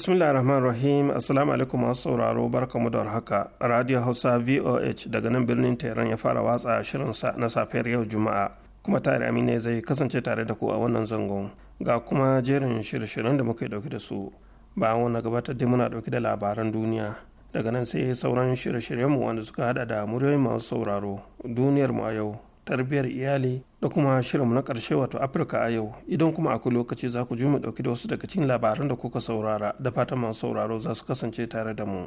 bismillah rahman rahim assalamu alaikum masu sauraro barkamu da haka radio hausa voh daga nan birnin tehran ya fara watsa shirin na safiyar yau juma'a kuma tare amina zai kasance tare da ku a wannan zangon ga kuma jerin shirye-shiryen da muka dauki da su bayan wani gabatar da muna dauki da labaran duniya daga nan sai sauran shirye-shiryenmu wanda suka hada da muryoyin masu sauraro duniyar mu a yau tarbiyar iyali da kuma shirinmu na ƙarshe wato afirka a yau idan kuma akwai lokaci za ku ji mu ɗauki da wasu daga cikin labaran da kuka saurara da fata masu sauraro za su kasance tare da mu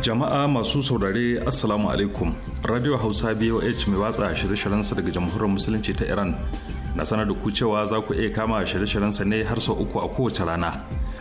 jama'a masu saurare assalamu alaikum radio hausa boh mai watsa shirye-shiryensa daga jamhuriyar musulunci ta iran na sanar da ku cewa za ku iya kama shirye sa ne har sau uku a kowace rana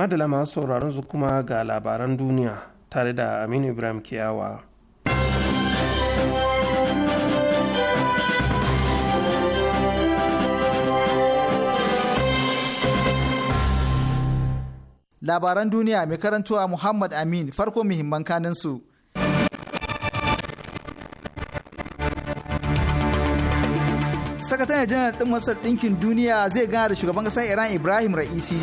madala masu sauraron su kuma ga labaran duniya tare da aminu ibrahim kiyawa labaran duniya mai karantowa muhammad amin farko muhimman kanin su sakataren janar ɗin masar ɗinkin duniya zai gana da shugaban ƙasar iran ibrahim ra'isi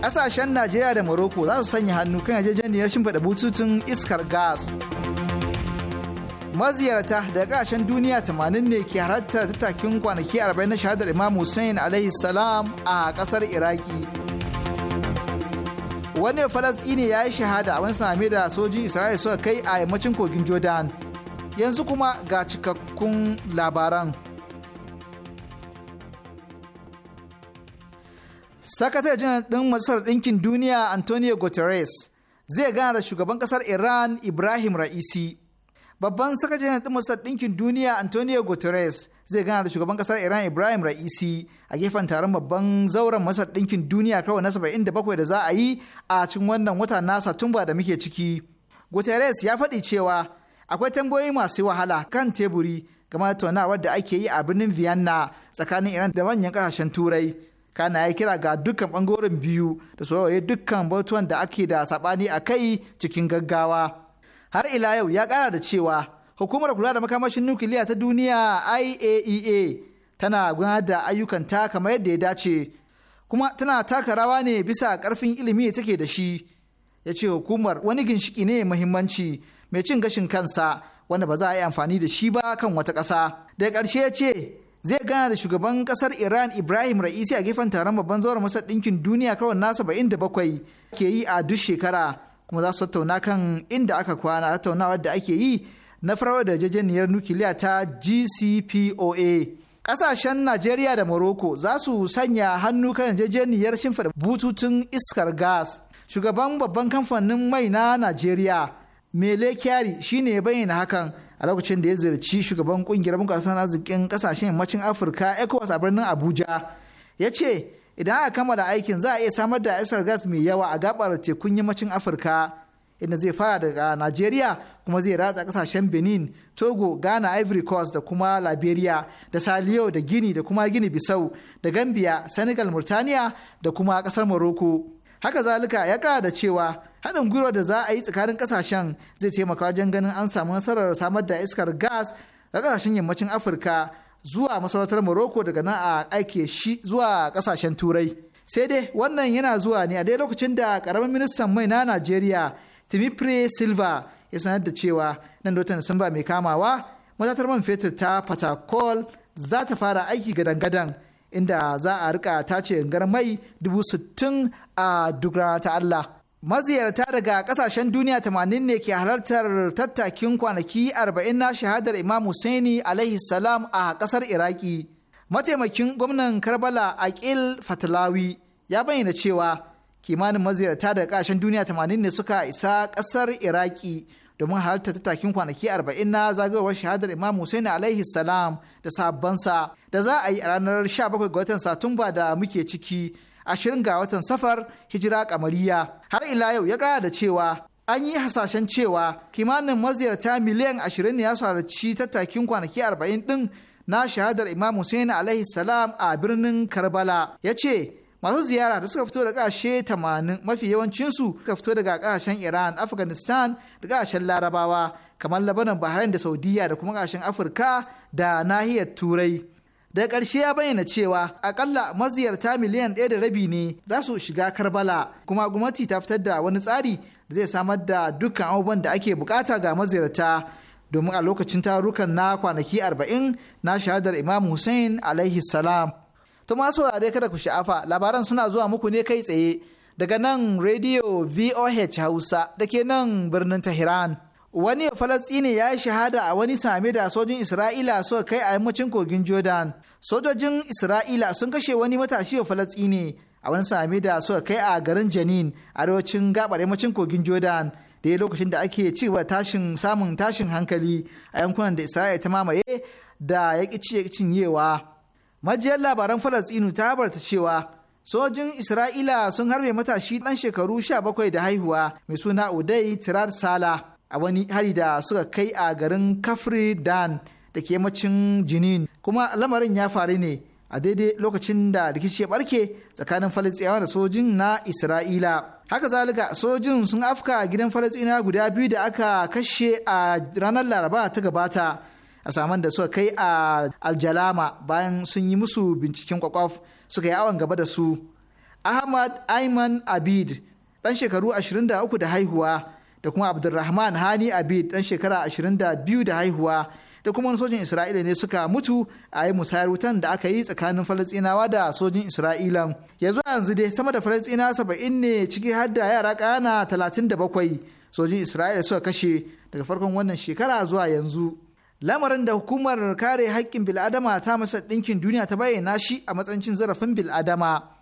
Ƙasashen Najeriya da Morocco za su sanya hannu kan yarjejeniyar shimfiɗa bututun iskar gas. Maziyarta daga ƙasashen duniya tamanin ne ke halarta takin kwanaki arba'in na shahadar Imam Hussein alaihi salam a ƙasar Iraki. wani falastini ya yi shahada a wani sami da soji isra'ila suka kai a yammacin kogin jordan yanzu kuma ga cikakkun labaran sakatare janar ɗin Masar ɗinkin duniya antonio guterres zai gana da shugaban ƙasar iran ibrahim ra'isi babban sakatar janar ɗin Masar ɗinkin duniya antonio guterres zai gana da shugaban ƙasar iran ibrahim ra'isi a gefen taron babban zauren Masar ɗinkin duniya kawai na 77 da za a yi a cikin wannan wata na satumba da muke ciki guterres ya faɗi cewa akwai tambayoyi masu wahala kan teburi game da da ake yi a birnin vienna tsakanin iran da manyan ƙasashen turai kana ya kira ga dukkan bangoren biyu da saurare dukkan batuwan da ake da sabani a kai cikin gaggawa har ila yau ya kara da cewa hukumar kula da makamashin nukiliya ta duniya iaea e tana gudanar da ayyukanta kamar yadda ya dace kuma tana taka rawa ne bisa karfin ilimi da take da shi ya ce hukumar wani ginshiki ne muhimmanci mai cin gashin kansa wanda ba za a yi amfani da shi ba kan wata ƙasa daga ƙarshe ya ce zai gana da shugaban kasar iran ibrahim ra'isi a gefen taron babban zauren masar ɗinkin duniya kawai na saba'in da bakwai ke yi a duk shekara kuma za su tattauna kan inda aka kwana tattaunawa da ake yi na farawar da jajeniyar nukiliya ta gcpoa ƙasashen najeriya da morocco za su sanya hannu kan jajeniyar shimfiɗa bututun iskar gas shugaban babban kamfanin mai na najeriya mele kyari shine bayyana hakan a lokacin da ya ziyarci shugaban kungiyar bunƙasa arzikin kasashen yammacin afirka ecowas a birnin abuja ya ce idan aka kammala aikin za a iya samar da isar gas mai yawa a gabar tekun yammacin afirka inda zai fara daga najeriya kuma zai ratsa kasashen benin togo ghana ivory coast da kuma liberia da saliyo da gini da kuma gini bisau da gambia senegal murtaniya da kuma kasar morocco haka zalika ya kara da cewa haɗin gwiwa da za a yi tsakanin ƙasashen zai taimaka wajen ganin an samu nasarar samar da iskar gas ga ƙasashen yammacin afirka zuwa masarautar morocco daga nan a aike shi zuwa ƙasashen turai sai dai wannan yana zuwa ne a dai lokacin da ƙaramin ministan mai na najeriya timipre silva ya sanar da cewa nan da watan mai kamawa matatar man fetur ta patakol za ta fara aiki gadan-gadan inda za a rika tace garin mai dubu sittin a duk rana ta allah maziyarta daga kasashen duniya tamanin ne ke halartar tattakin kwanaki arba'in na shahadar imam husaini alaihi salam a kasar iraki mataimakin gwamnan karbala Akil Fatalawi ya bayyana cewa kimanin maziyarta daga kasashen duniya tamanin ne suka isa kasar iraki domin halartar tattakin kwanaki arba'in na zagayowar shahadar imam husaini alaihi salam da sabonsa, da za a yi a ranar 17 ga watan satumba da muke ciki ashirin ga watan safar hijira kamariya har ila yau ya kara da cewa an yi hasashen cewa kimanin maziyarta miliyan ashirin ne ya halarci tattakin kwanaki arba'in din na shahadar imam hussein alaihi salam a birnin karbala ya ce masu ziyara da suka fito da kashe tamanin mafi yawancinsu suka fito daga kasashen iran afghanistan da kasashen larabawa kamar labanan bahrain da saudiya da kuma kasashen afirka da nahiyar turai da ƙarshe ya bayyana cewa akalla maziyarta miliyan ɗaya da rabi ne za su shiga karbala kuma gwamnati ta fitar da wani tsari da zai samar da dukkan abubuwan da ake bukata ga maziyarta domin a lokacin tarukan na kwanaki arba'in na shahadar imam hussein alaihi salam to masu saurare kada ku sha'afa labaran suna zuwa muku ne kai tsaye daga nan radio voh hausa da ke nan birnin tehran wani falastini ya yi shahada a wani same da sojin isra'ila suka kai a yammacin kogin jordan sojojin isra'ila sun kashe wani matashi wa falastini a wani same da suka kai a garin janin arewacin gabar yammacin kogin jordan da ya lokacin da ake cewa tashin samun tashin hankali a yankunan da isra'ila ta mamaye da ya ki ƙi cinyewa majiyar labaran falastinu ta habarta cewa sojin isra'ila sun harbe matashi ɗan shekaru sha bakwai da haihuwa mai suna udai tirar sala a wani hari da suka kai a garin kafri dan da ke macin jinin kuma lamarin ya faru ne a daidai lokacin da rikici ya barke tsakanin falistiyawa da sojin na isra'ila haka zalika sojin sun afka gidan falistina guda biyu da aka kashe a ranar laraba ta gabata a saman da suka kai a aljalama bayan sun yi musu binciken kwakwaf suka yi awon gaba da su ahmad ayman abid ɗan shekaru 23 da haihuwa da kuma abdulrahman hani abid dan shekara 22 da haihuwa da kuma sojin isra'ila ne suka mutu a yi musayar wutan da aka yi tsakanin falastinawa da sojin isra'ila yanzu yanzu dai sama da falastina saba'in ne ciki har da yara kana talatin da bakwai sojin isra'ila suka kashe daga farkon wannan shekara zuwa yanzu lamarin da hukumar kare haƙƙin bil'adama ta masa ɗinkin duniya ta bayyana shi a matsayin zarafin bil'adama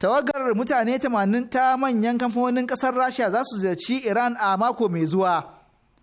tawagar mutane 80 ta manyan kamfanonin kasar rasha za su ziyarci iran a mako mai zuwa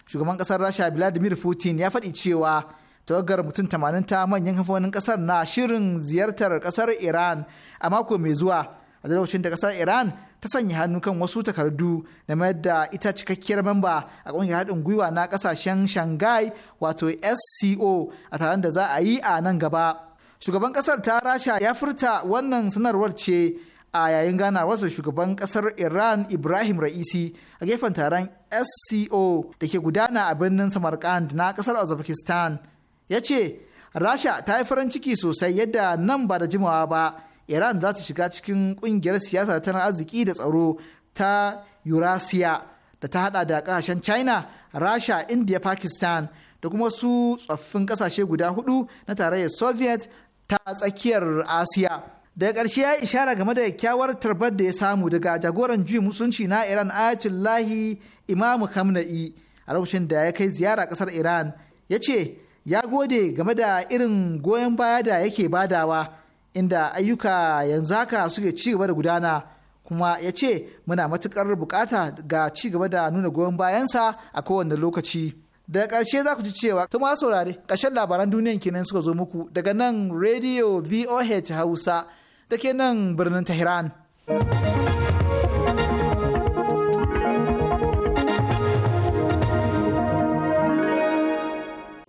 shugaban kasar rasha vladimir putin ya faɗi cewa tawagar mutum 80 ta manyan kamfanonin kasar na shirin ziyartar kasar iran a mako mai zuwa a lokacin da kasar iran ta sanya hannu kan wasu takardu na mayar da ita cikakkiyar mamba a ƙungiyar haɗin gwiwa na ƙasashen shanghai wato sco a taron da za a yi a nan gaba shugaban kasar ta rasha ya furta wannan sanarwar ce a yayin ganawarsa shugaban kasar iran ibrahim ra'isi a gefen taron sco da ke gudana a birnin samarkand na kasar uzbekistan ya ce rasha ta yi farin ciki sosai yadda nan ba da jimawa ba iran za ta shiga cikin kungiyar siyasa tana arziki da tsaro ta eurasia da ta hada da kasashen china rasha india pakistan da kuma su tsoffin kasashe guda hudu na tarayyar soviet ta tsakiyar asiya daga ƙarshe ya ishara game da kyakkyawar tarbar da ya samu daga jagoran juyin musulunci na iran ayatullahi imamu kamna'i a lokacin da ya kai ziyara ƙasar iran ya ce ya gode game da irin goyon baya da yake badawa inda ayyuka yanzu haka suke ci gaba da gudana kuma ya ce muna matukar bukata ga ci gaba da nuna goyon bayansa a kowane lokaci daga ƙarshe za ku ji cewa ta ma saurare ƙarshen labaran duniyan kenan suka zo muku daga nan radio voh hausa da ke nan birnin Tehran.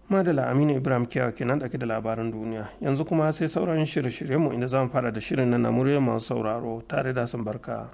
Madala Aminu Ibrahim Kiyawa kenan ɗauke da labaran duniya yanzu kuma sai sauran shirye-shiryenmu inda zamu fara da shirin na namuriyar masu sauraro tare da sun barka.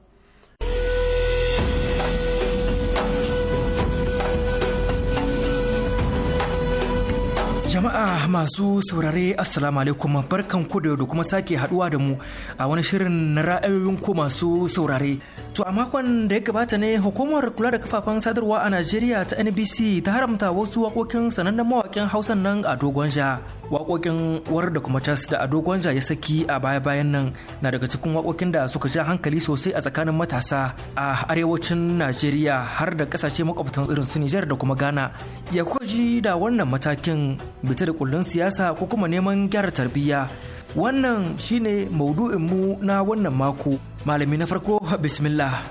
Jama'a masu saurare Assalamu alaikum barkan ku da kuma sake haduwa da mu a wani shirin na ra'ayoyin ku masu saurare. To a makon da ya gabata ne hukumar kula da kafafen sadarwa a Najeriya ta NBC ta haramta wasu waƙoƙin sanannen mawaƙin Hausan nan a Dogonja. Waƙoƙin war da kuma cas da a Dogonja ya saki a baya-bayan nan na daga cikin waƙoƙin da suka ja hankali sosai a tsakanin matasa a arewacin Najeriya har da ƙasashe makwabtan irin su Nijar da kuma Ghana. Ya kuka ji da wannan matakin bita da kullun siyasa ko kuma neman gyara tarbiyya wannan shine maudu'in mu na wannan mako malami na farko bismillah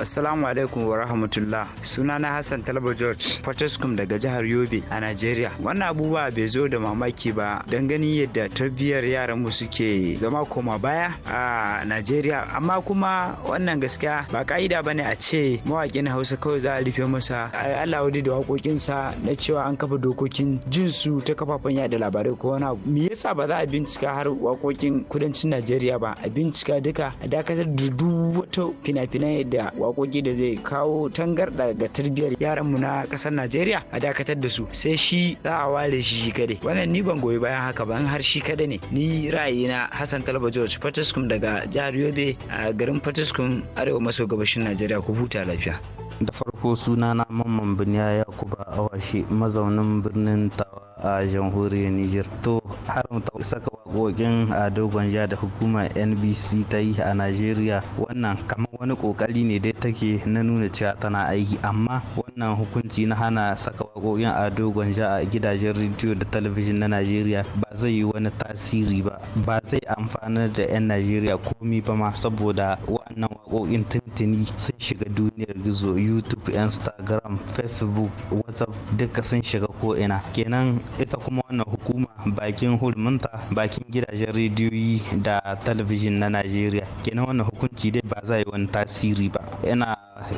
Assalamu alaikum wa rahmatullah. na Hassan Talba George Fortescue daga jihar Yobe a Najeriya. Wannan abubuwa bai zo da mamaki ba don gani yadda tarbiyyar yaran mu suke zama koma baya a Najeriya amma kuma wannan gaskiya ba ka'ida ba ne a ce mawaƙin Hausa kawai za a rufe masa Allah wadi da waƙoƙinsa na cewa an kafa dokokin jinsu ta kafafen yada labarai ko wani abu. Me yasa ba za a bincika har waƙoƙin kudancin Najeriya ba a bincika duka a dakatar da duk wata fina-finai da waƙoƙi da zai kawo tangarɗa ga tarbiyyar yaranmu na ƙasar Najeriya a dakatar da su sai shi za a ware shi kadai wannan ni ban goyi bayan haka ban har shi kadai ne ni na Hassan Talba George Fatiskum daga jihar Yobe a garin Fatiskum arewa maso gabashin Najeriya ku huta lafiya. da farko suna na mamman biniya yakuba awashi mazaunin birnin tawa a jamhuriyar Nijar, to har haramta saka waƙoƙin ado gwanja da hukumar nbc ta yi a najeriya wannan kamar wani ƙoƙari ne dai take na nuna cewa tana aiki amma wannan hukunci na hana saka waƙoƙin ado gwanja a gidajen rediyo da talabijin na najeriya ba zai yi wani tasiri ba ba zai amfana da 'yan najeriya komi ba ma saboda wannan waƙoƙin tuntuni sun shiga duniyar gizo youtube instagram facebook whatsapp duka sun shiga ko'ina kenan ita kuma wannan hukuma bakin hulminta bakin gidajen rediyoyi da talabijin na najeriya kenan wannan hukunci dai ba za yi wani tasiri ba yana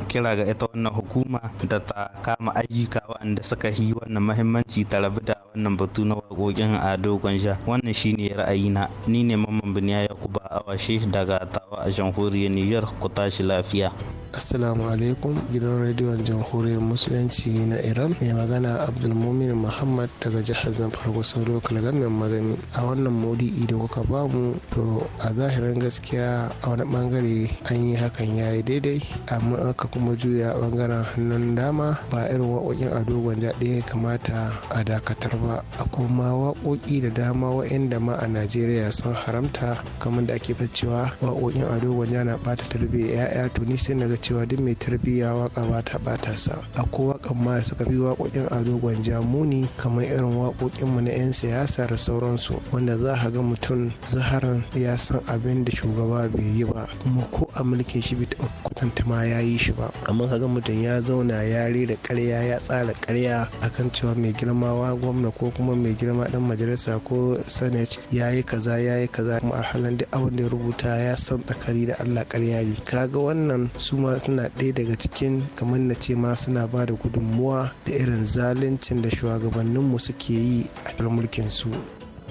kira ga ita wannan hukuma da ta kama ayyuka waɗanda suka yi wannan mahimmanci ta rabu da wannan batu na waƙoƙin a dogon sha wannan shine na ni ne mamman biniya a washe daga tawa a jamhuriyar niger ku tashi lafiya Assalamu alaikum gidan rediyon jamhuriyar musulunci na Iran mai magana Abdulmumin Muhammad daga jihar Zamfara kusan lokal gamin magani a wannan maudu'i da kuka bamu to a zahirin gaskiya a wani bangare an yi hakan ya yi daidai amma aka kuma juya ɓangaren hannun dama ba irin waƙoƙin ado gwanja ɗaya kamata a dakatar ba a kuma waƙoƙi da dama wa'inda ma a najeriya sun haramta kamar da ake cewa waƙoƙin ado gwanja na ɓata tarbiyyar ya'ya to ni sai naga cewa duk mai tarbiyya waƙa bata ɓata sa a ko waƙan ma suka bi waƙoƙin ado gwanja muni kamar irin waƙoƙin mu na 'yan siyasa da sauransu wanda za a ga mutum zaharin ya san abin da shugaba bai yi ba kuma ko a mulkin shi bai taɓa kwatanta ma ya yi yi shi ba amma kaga mutum ya zauna ya rera karya ya tsara karya akan cewa mai wa gwamna ko kuma mai girma dan majalisa ko senate ya yi kaza ya yi kaza kuma alhalin duk abin da ya rubuta ya san tsakari da allah karya ne kaga wannan su ma suna ɗaya daga cikin kamar na ce ma suna ba da gudunmuwa da irin zaluncin da shugabanninmu suke yi a mulkin su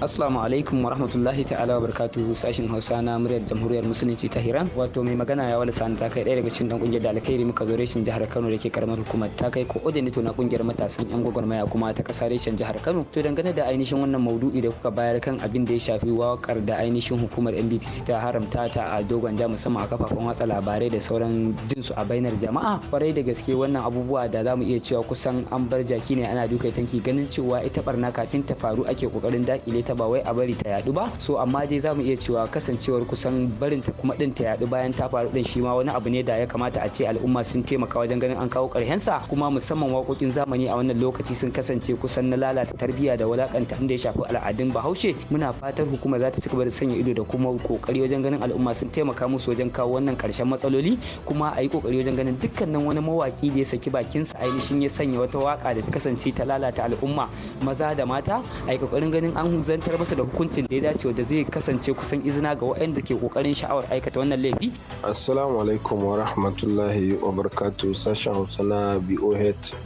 Assalamu alaikum wa rahmatullahi ta'ala wa barkatu sashin Hausa na muryar Jamhuriyar Musulunci ta Hiran. Wato mai magana ya wani sani ta kai ɗaya daga cikin dan kungiyar da alkhairi muka zo reshin jihar Kano da ke karamar hukumar ta kai ko odin na kungiyar matasan yan gwagwarmaya kuma ta kasa reshin jihar Kano. To dangane da ainihin wannan maudu'i da kuka bayar kan abin da ya shafi wakar da ainihin hukumar NBTC ta haramta ta a dogon ja musamman a kafafen watsa labarai da sauran jinsu a bainar jama'a. Kwarai da gaske wannan abubuwa da za mu iya cewa kusan an bar jaki ne ana dukai tanki ganin cewa ita barna kafin ta faru ake kokarin dakile ta ta ba wai a bari ta yadu ba so amma dai zamu iya cewa kasancewar kusan barin ta kuma din ta yadu bayan ta faru din shi ma wani abu ne da ya kamata a ce al'umma sun taimaka wajen ganin an kawo karshen sa kuma musamman waƙoƙin zamani a wannan lokaci sun kasance kusan na lalata tarbiyya da walakanta inda ya shafi al'adun Bahaushe muna fatan hukuma za ta ci gaba da sanya ido da kuma kokari wajen ganin al'umma sun taimaka musu wajen kawo wannan karshen matsaloli kuma a yi kokari wajen ganin dukkanin wani mawaki da ya saki bakinsa ainihin ya sanya wata waka da ta kasance ta lalata al'umma maza da mata a yi kokarin ganin an zantar masa da hukuncin da ya dace wanda zai kasance kusan izina ga waɗanda ke kokarin sha'awar aikata wannan laifi assalamu alaikum wa rahmatullahi wa barakatuh sashen hausa na boh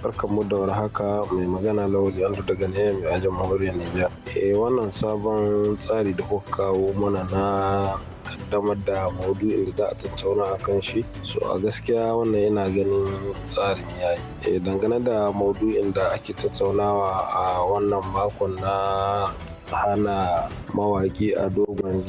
barkanmu da warhaka mai magana lauri andu daga nemi a jamhuriyar nijar eh wannan sabon tsari da kuka kawo mana na kaddamar da maudu'in da za a tattauna a kan shi so a gaskiya wannan yana ganin tsarin yayi eh, dangane da maudu'in da ake tattaunawa a wannan makon na hana mawaƙi a dogon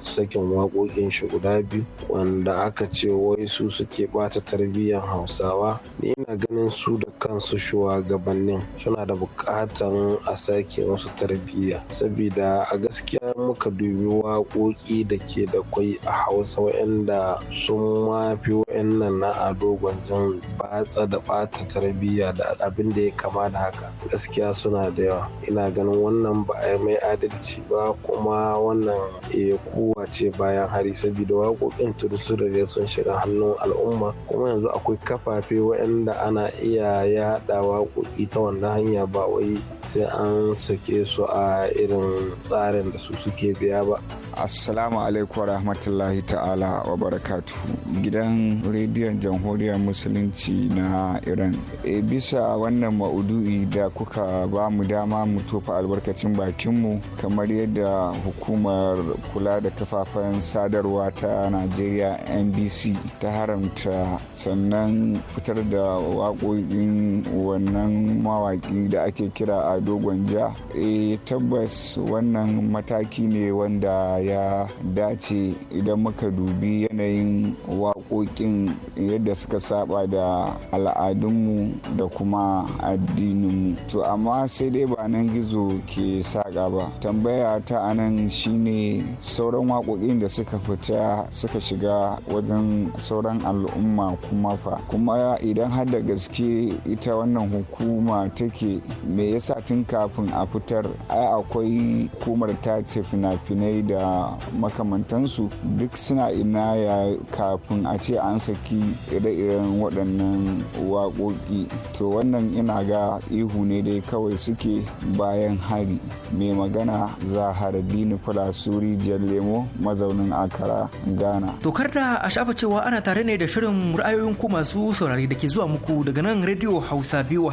sakin waƙoƙin shi guda biyu wanda aka ce wai su suke ɓata tarbiyyar hausawa ni ina ganin su da kansu shuwagabannin suna da buƙatan a sake musu tarbiyya saboda a gaskiya muka dubi waƙoƙi da ke da kwai a hausa wa'anda sun mafi wa'annan na Ado dogon batsa da bata tarbiyya da abin da ya kama da haka gaskiya suna da yawa ina ganin wannan ba a mai adalci ba kuma wannan e kowa ce bayan hari saboda waƙoƙin tudu sun riga sun shiga hannun al'umma kuma yanzu akwai kafafe wa'anda ana iya yaɗa waƙoƙi ta wannan hanya ba wai sai an sake su a irin tsarin da su suke biya ba assalamu alaikum wa rahmatullahi ta'ala wa barakatu gidan rediyon jamhuriyar musulunci na iran e bisa wannan maudu'i da kuka ba mu dama mu tofa albarkacin bakinmu kamar yadda hukumar kula da kafafen sadarwa ta najeriya nbc ta haramta sannan fitar da waƙoƙin wannan mawaƙi da ake kira a dogon ja e tabbas wannan mataki ne wanda ya dace ce idan muka dubi yanayin waƙoƙin yadda suka saba da al'adunmu da kuma addininmu to amma sai dai ba nan gizo ke saƙa ba tambaya ta anan shine sauran waƙoƙin da suka fita suka shiga wajen sauran al'umma kuma fa kuma idan har da gaske ita wannan hukuma take me yasa tun kafin a fitar ai akwai hukumar tace fina-finai da makamanta matansu duk suna ina ya kafin a ce an saki ire-iren waɗannan waƙoƙi to wannan ina ga ihu ne dai kawai suke bayan hari mai magana za zaharaddini suri jan lemo mazaunin akara ghana tokar da a shafa cewa ana tare ne da shirin ra'ayoyin ku masu saurari da ke zuwa muku daga nan radio hausa voh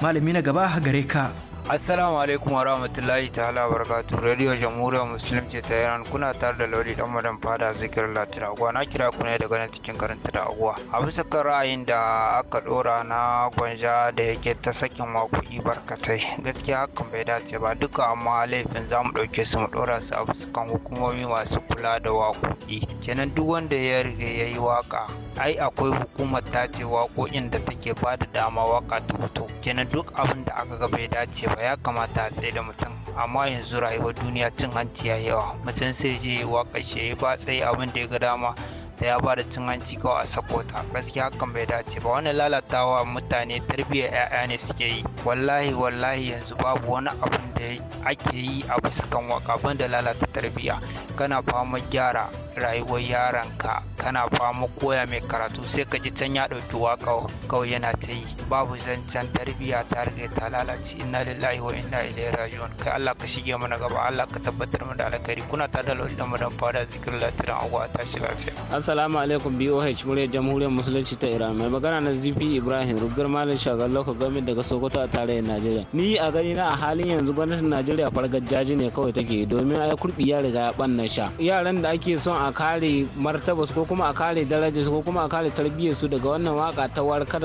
malami na gaba gare ka Assalamu alaikum wa rahmatullahi ta'ala barakatu Radio Jamhuriyar Musulunci ta Iran kuna tare da Lauri dan madan fada zikir Latin Agwa na kira ku ne daga nan cikin garin da Agwa. A bisa kan ra'ayin da aka dora na gwanja da yake ta sakin waƙoƙi barkatai gaskiya hakan bai dace ba duka amma laifin zamu ɗauke su mu dora su a bisa kan hukumomi masu kula da waƙoƙi. Kenan duk wanda ya riga ya yi waƙa ai akwai hukumar tace waƙoƙin da take ba da dama waƙa ta fito. Kenan duk abin da aka ga bai dace ba ya kamata a tsaye da mutum amma yanzu rayuwar duniya cin hanci ya yawa mutum sai je waƙa shi ya ba tsaye abin da ya ga dama ta ya ba da cin hanci kawai a sako gaskiya hakan bai dace ba wannan lalatawa mutane tarbiyyar 'ya'ya ne suke yi wallahi wallahi yanzu babu wani abun da ake yi a bisa kan wakaban da lalata tarbiyya kana fama gyara rayuwar yaranka kana fama koya mai karatu sai ka ji can ya ɗauki waka kawai yana ta yi babu zancen tarbiyya ta riga ta lalace inna lillahi wa inna ilaihi raji'un kai Allah ka shige mana gaba Allah ka tabbatar mana da alkhairi kuna ta da lodi da madan fara zikirin latiran agwa shi lafiya Assalamu alaikum BOH muryar jamhuriyar musulunci ta Iran mai magana na Zifi Ibrahim rugar malin shagar daga Sokoto a tarayyar Najeriya. Ni a gani na a halin yanzu gwamnatin Najeriya fargar jaji ne kawai take domin ai kurbi ya riga ya banna sha. Yaran da ake son a kare martabas ko kuma a kare darajar ko kuma a kare tarbiyyar su daga wannan waka ta war ta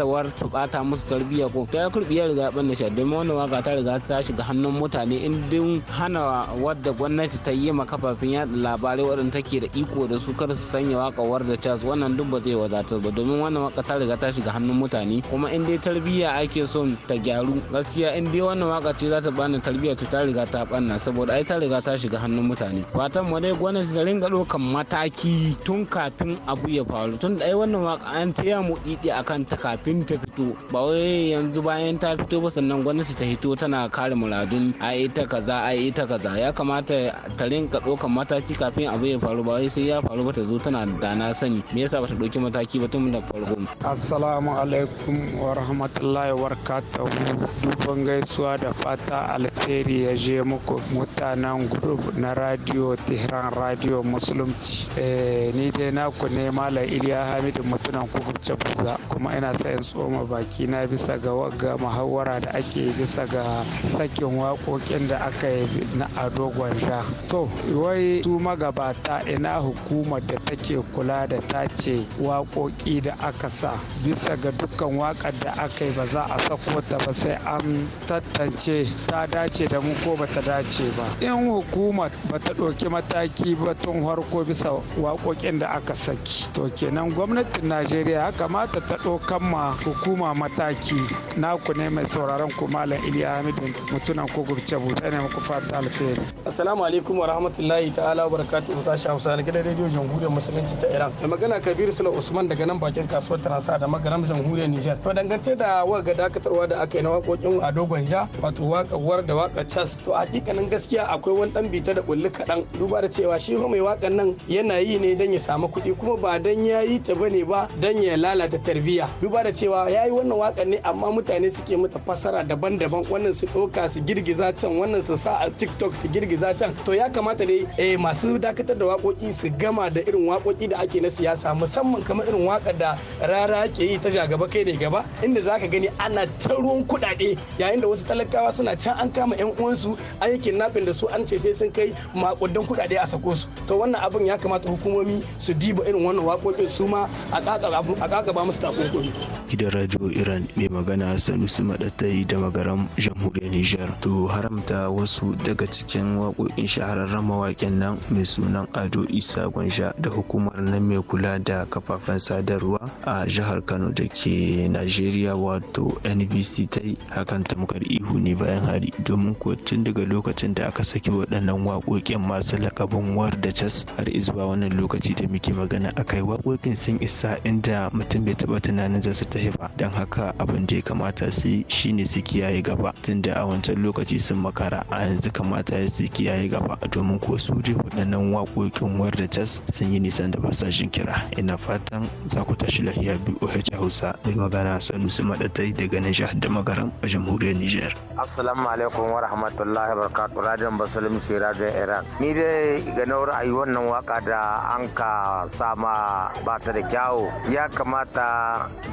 bata musu tarbiyya ko Da ta kurbi ya riga ya banna sha domin wannan waka ta riga ta shiga hannun mutane in din hana wadda gwamnati ta yi ma kafafin yada labarai waɗanda take da iko da su kar su sanya waka awar da cas wannan duk ba zai wadatar ba domin wannan waka ta riga ta shiga hannun mutane kuma in dai tarbiyya ake son ta gyaru gaskiya in dai wannan waka ce za ta bani tarbiyya to ta riga ta banna saboda ai ta riga ta shiga hannun mutane fatan mu dai gwamnati ta ringa ɗaukan mataki tun kafin abu ya faru tun da ai wannan waka an taya mu didi akan ta kafin ta fito ba wai yanzu bayan ta fito ba sannan gwamnati ta hito tana kare muradun ai ita kaza ai ita kaza ya kamata ta ringa ɗaukan mataki kafin abu ya faru ba wai sai ya faru ba ta zo tana da na sani me yasa ba ta ɗauki mataki ba tun da farko assalamu alaikum wa rahmatullahi wa barakatuhu dubban gaisuwa da fata alheri ya je muku mutanen group na radio tehran radio musulunci eh, ni dai naku ne malam iliya hamidu mutunan kugubce buza kuma ina sa in tsoma baki na bisa ga wagga muhawara da ake bisa ga sakin waƙoƙin da aka yi na ado gwanja to wai su magabata ina hukumar da take kula kula da tace waƙoƙi da aka sa bisa ga dukkan waƙar da aka yi ba za a sako ta ba sai an tantance ta dace da mu ko bata dace ba in hukumar bata ɗauki mataki ba tun farko bisa waƙoƙin da aka saki to kenan gwamnatin najeriya ya kamata ta ɗaukan ma hukuma mataki na ku ne mai sauraron ku malam iliya hamidu mutunan ku gurce buta ne muku fata alheri assalamu alaikum wa rahmatullahi ta'ala wa barakatuhu sashi hausa na gidan rediyo jamhuriyar musulunci ta Iran. Da magana Kabiru Sula Usman daga nan bakin kasuwar Transa da magaram jamhuriyar Nijar. To dangance da waga dakatarwa da aka yi na wakokin a dogon ja wato waka war da waka chas. to a hakikanin gaskiya akwai wani dan bita da kulli kaɗan duba da cewa shi mai wakan nan yana yi ne dan ya samu kuɗi kuma ba dan ya yi ta bane ba dan ya lalata tarbiyya duba da cewa ya yi wannan wakan ne amma mutane suke mata fasara daban-daban wannan su ɗauka su girgiza can wannan su sa a tiktok su girgiza can to ya kamata dai eh, masu dakatar da wakoki su gama da irin wakoki da ake na siyasa musamman kamar irin waka da rara ke yi ta jagaba kai ne gaba inda zaka gani ana ta ruwan kuɗaɗe yayin da wasu talakawa suna can an kama yan uwansu an yi kidnapping da su an ce sai sun kai makudan kuɗaɗe a sako su to wannan abin ya kamata hukumomi su diba irin wannan waƙoƙin su ma a ƙaƙaba musu takunkumi. gidan radio iran mai magana sanusi madatai da magaram jamhuriyar nijar to haramta wasu daga cikin waƙoƙin shahararren mawaƙin nan mai sunan ado isa gwanja da hukumar na na mai kula da kafafen sadarwa a jihar kano da ke najeriya wato nbc ta yi hakan tamkar ihu ne bayan hari domin ko tun daga lokacin da aka saki waɗannan waƙoƙin masu lakabin war da cas har izuwa wannan lokaci da muke magana a kai waƙoƙin sun isa inda mutum bai taɓa tunanin za su tafi ba don haka abin da ya kamata su shine su kiyaye gaba da a wancan lokaci sun makara a yanzu kamata su kiyaye gaba domin ko su waɗannan waƙoƙin war da cas sun yi nisan da basa sashen kira ina fatan za ku tashi lafiya boh hausa mai magana sanusi madatai daga nijar da magaran a jamhuriyar nijar assalamu alaikum wa rahmatullahi wa barakatuh radiyon basalim shi radiyon iran ni dai ga nawar ra'ayi wannan waka da an ka sama ba ta da kyawu ya kamata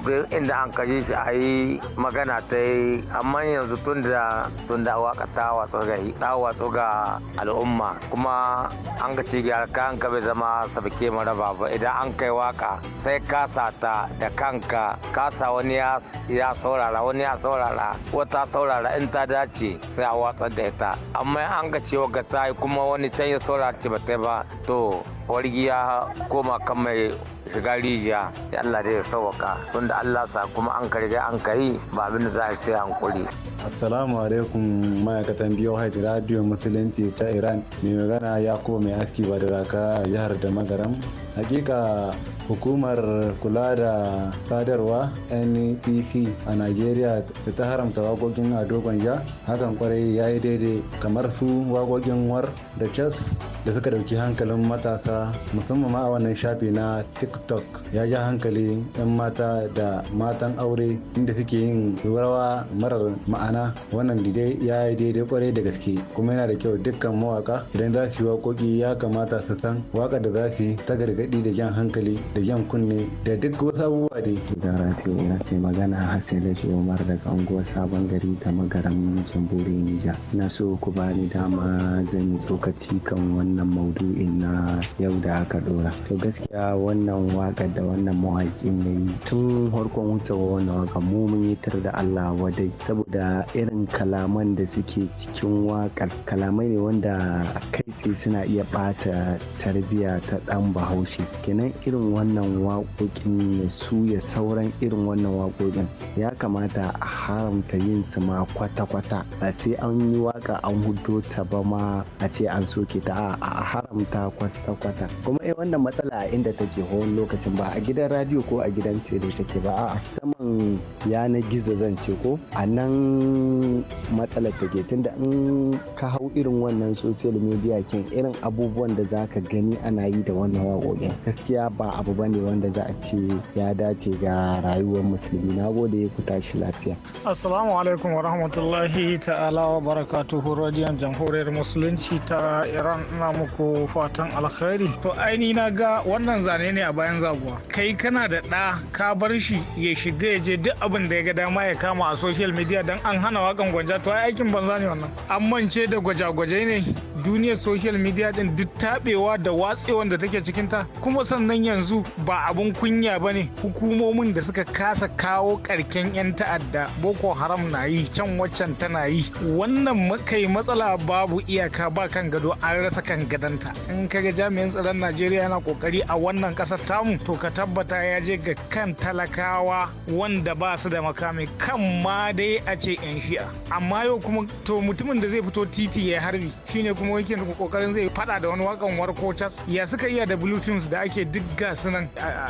duk inda an ka shi a yi magana ta yi amma yanzu tun da tun da waka ta watsu ga ta watsu ga al'umma kuma an ka ci ga ka ka bai zama sabke mara babu ba idan an kai waka sai ka sata ta da kanka ka wani ya saurara wani ya saurara wata saurara in ta dace sai a watsar da ita amma an ga cewa ga ta kuma wani can ya saurara ce ba ta ba to wargi ya koma kan mai shiga rijiya ya Allah da ya sauwaka tunda Allah sa kuma an karga an kai ba abin da za a sai hankuri. Assalamu alaikum ma'aikatan biyo haiti radio musulunci ta Iran mai magana ya kuma mai aski ba da raka jihar da magaram. hakika hukumar kula da sadarwa npc a nigeria da ta haramta wakokin ado gwanja hakan kwarai ya yi daidai kamar su wakokin war da chess da suka dauki hankalin matasa musamman ma a wannan shafi na tiktok ya ja hankali 'yan mata da matan aure inda suke yin rawa marar ma'ana wannan didai ya yi daidai kwarai da gaske kuma yana da kyau dukkan mawaka idan za su yi wakoki ya kamata su san waka da za su yi ta gargadi da jan hankali da jan kunne da duk wasu abubuwa da yake. Da Rafi'u magana Hassan shi Umar daga unguwar Sabon Gari da magaran Jambore Nija. Na so ku ba ni dama zan yi tsokaci kan wannan maudu'in na yau da aka dora. To gaskiya wannan waka da wannan mawaki ne yi tun farkon wucewa wannan waƙar mu mun yi tar da Allah wadai saboda irin kalaman da suke cikin waƙar kalamai ne wanda kai tsaye suna iya ɓata tarbiyya ta ɗan bahaushe kenan irin wannan waƙoƙin ya suya sauran irin wannan waƙoƙin ya kamata a haramta yin su ma kwata-kwata a sai an yi waƙa an hudo ta ba ma a ce an soke ta a haramta kwata-kwata kuma eh wannan matsala a inda take hawan lokacin ba a gidan radio ko a gidan tele take ba a saman yana gizo zan ce ko a nan matsalar take tunda in ka hau irin wannan social media kin irin abubuwan da zaka gani ana yi da wannan waƙoƙin gaskiya ba abu ba ne, wanda za a ce ya dace ga rayuwar musulmi na gode ku tashi lafiya assalamu alaikum wa rahmatullahi ta'ala wa barakatuhu radiyon jamhuriyar musulunci ta iran na muku fatan alkhairi to aini na ga wannan zane ne a bayan zaguwa kai kana da ɗa ka bar shi ya shiga ya je duk abin da ya ga dama ya kama a social media don an hana wakan gwanja to ai aikin banza ne wannan an mance da gwaje gwaje ne duniyar social media din duk taɓewa da watsewan da take cikinta kuma sannan yanzu ba abun kunya ba ne hukumomin da suka kasa kawo karken 'yan ta'adda boko haram na yi can waccan tana yi wannan makai matsala babu iyaka ba kan gado an rasa kan gadanta in ka ga jami'in tsaron najeriya yana kokari a wannan kasar tamu to ka tabbata ya je ga kan talakawa wanda ba su da makami kan ma dai a ce 'yan shi'a amma yau kuma to mutumin da zai fito titi ya harbi shine kuma yake kokarin zai fada da wani wakan warko cas ya suka iya da blue da ake duk gasunan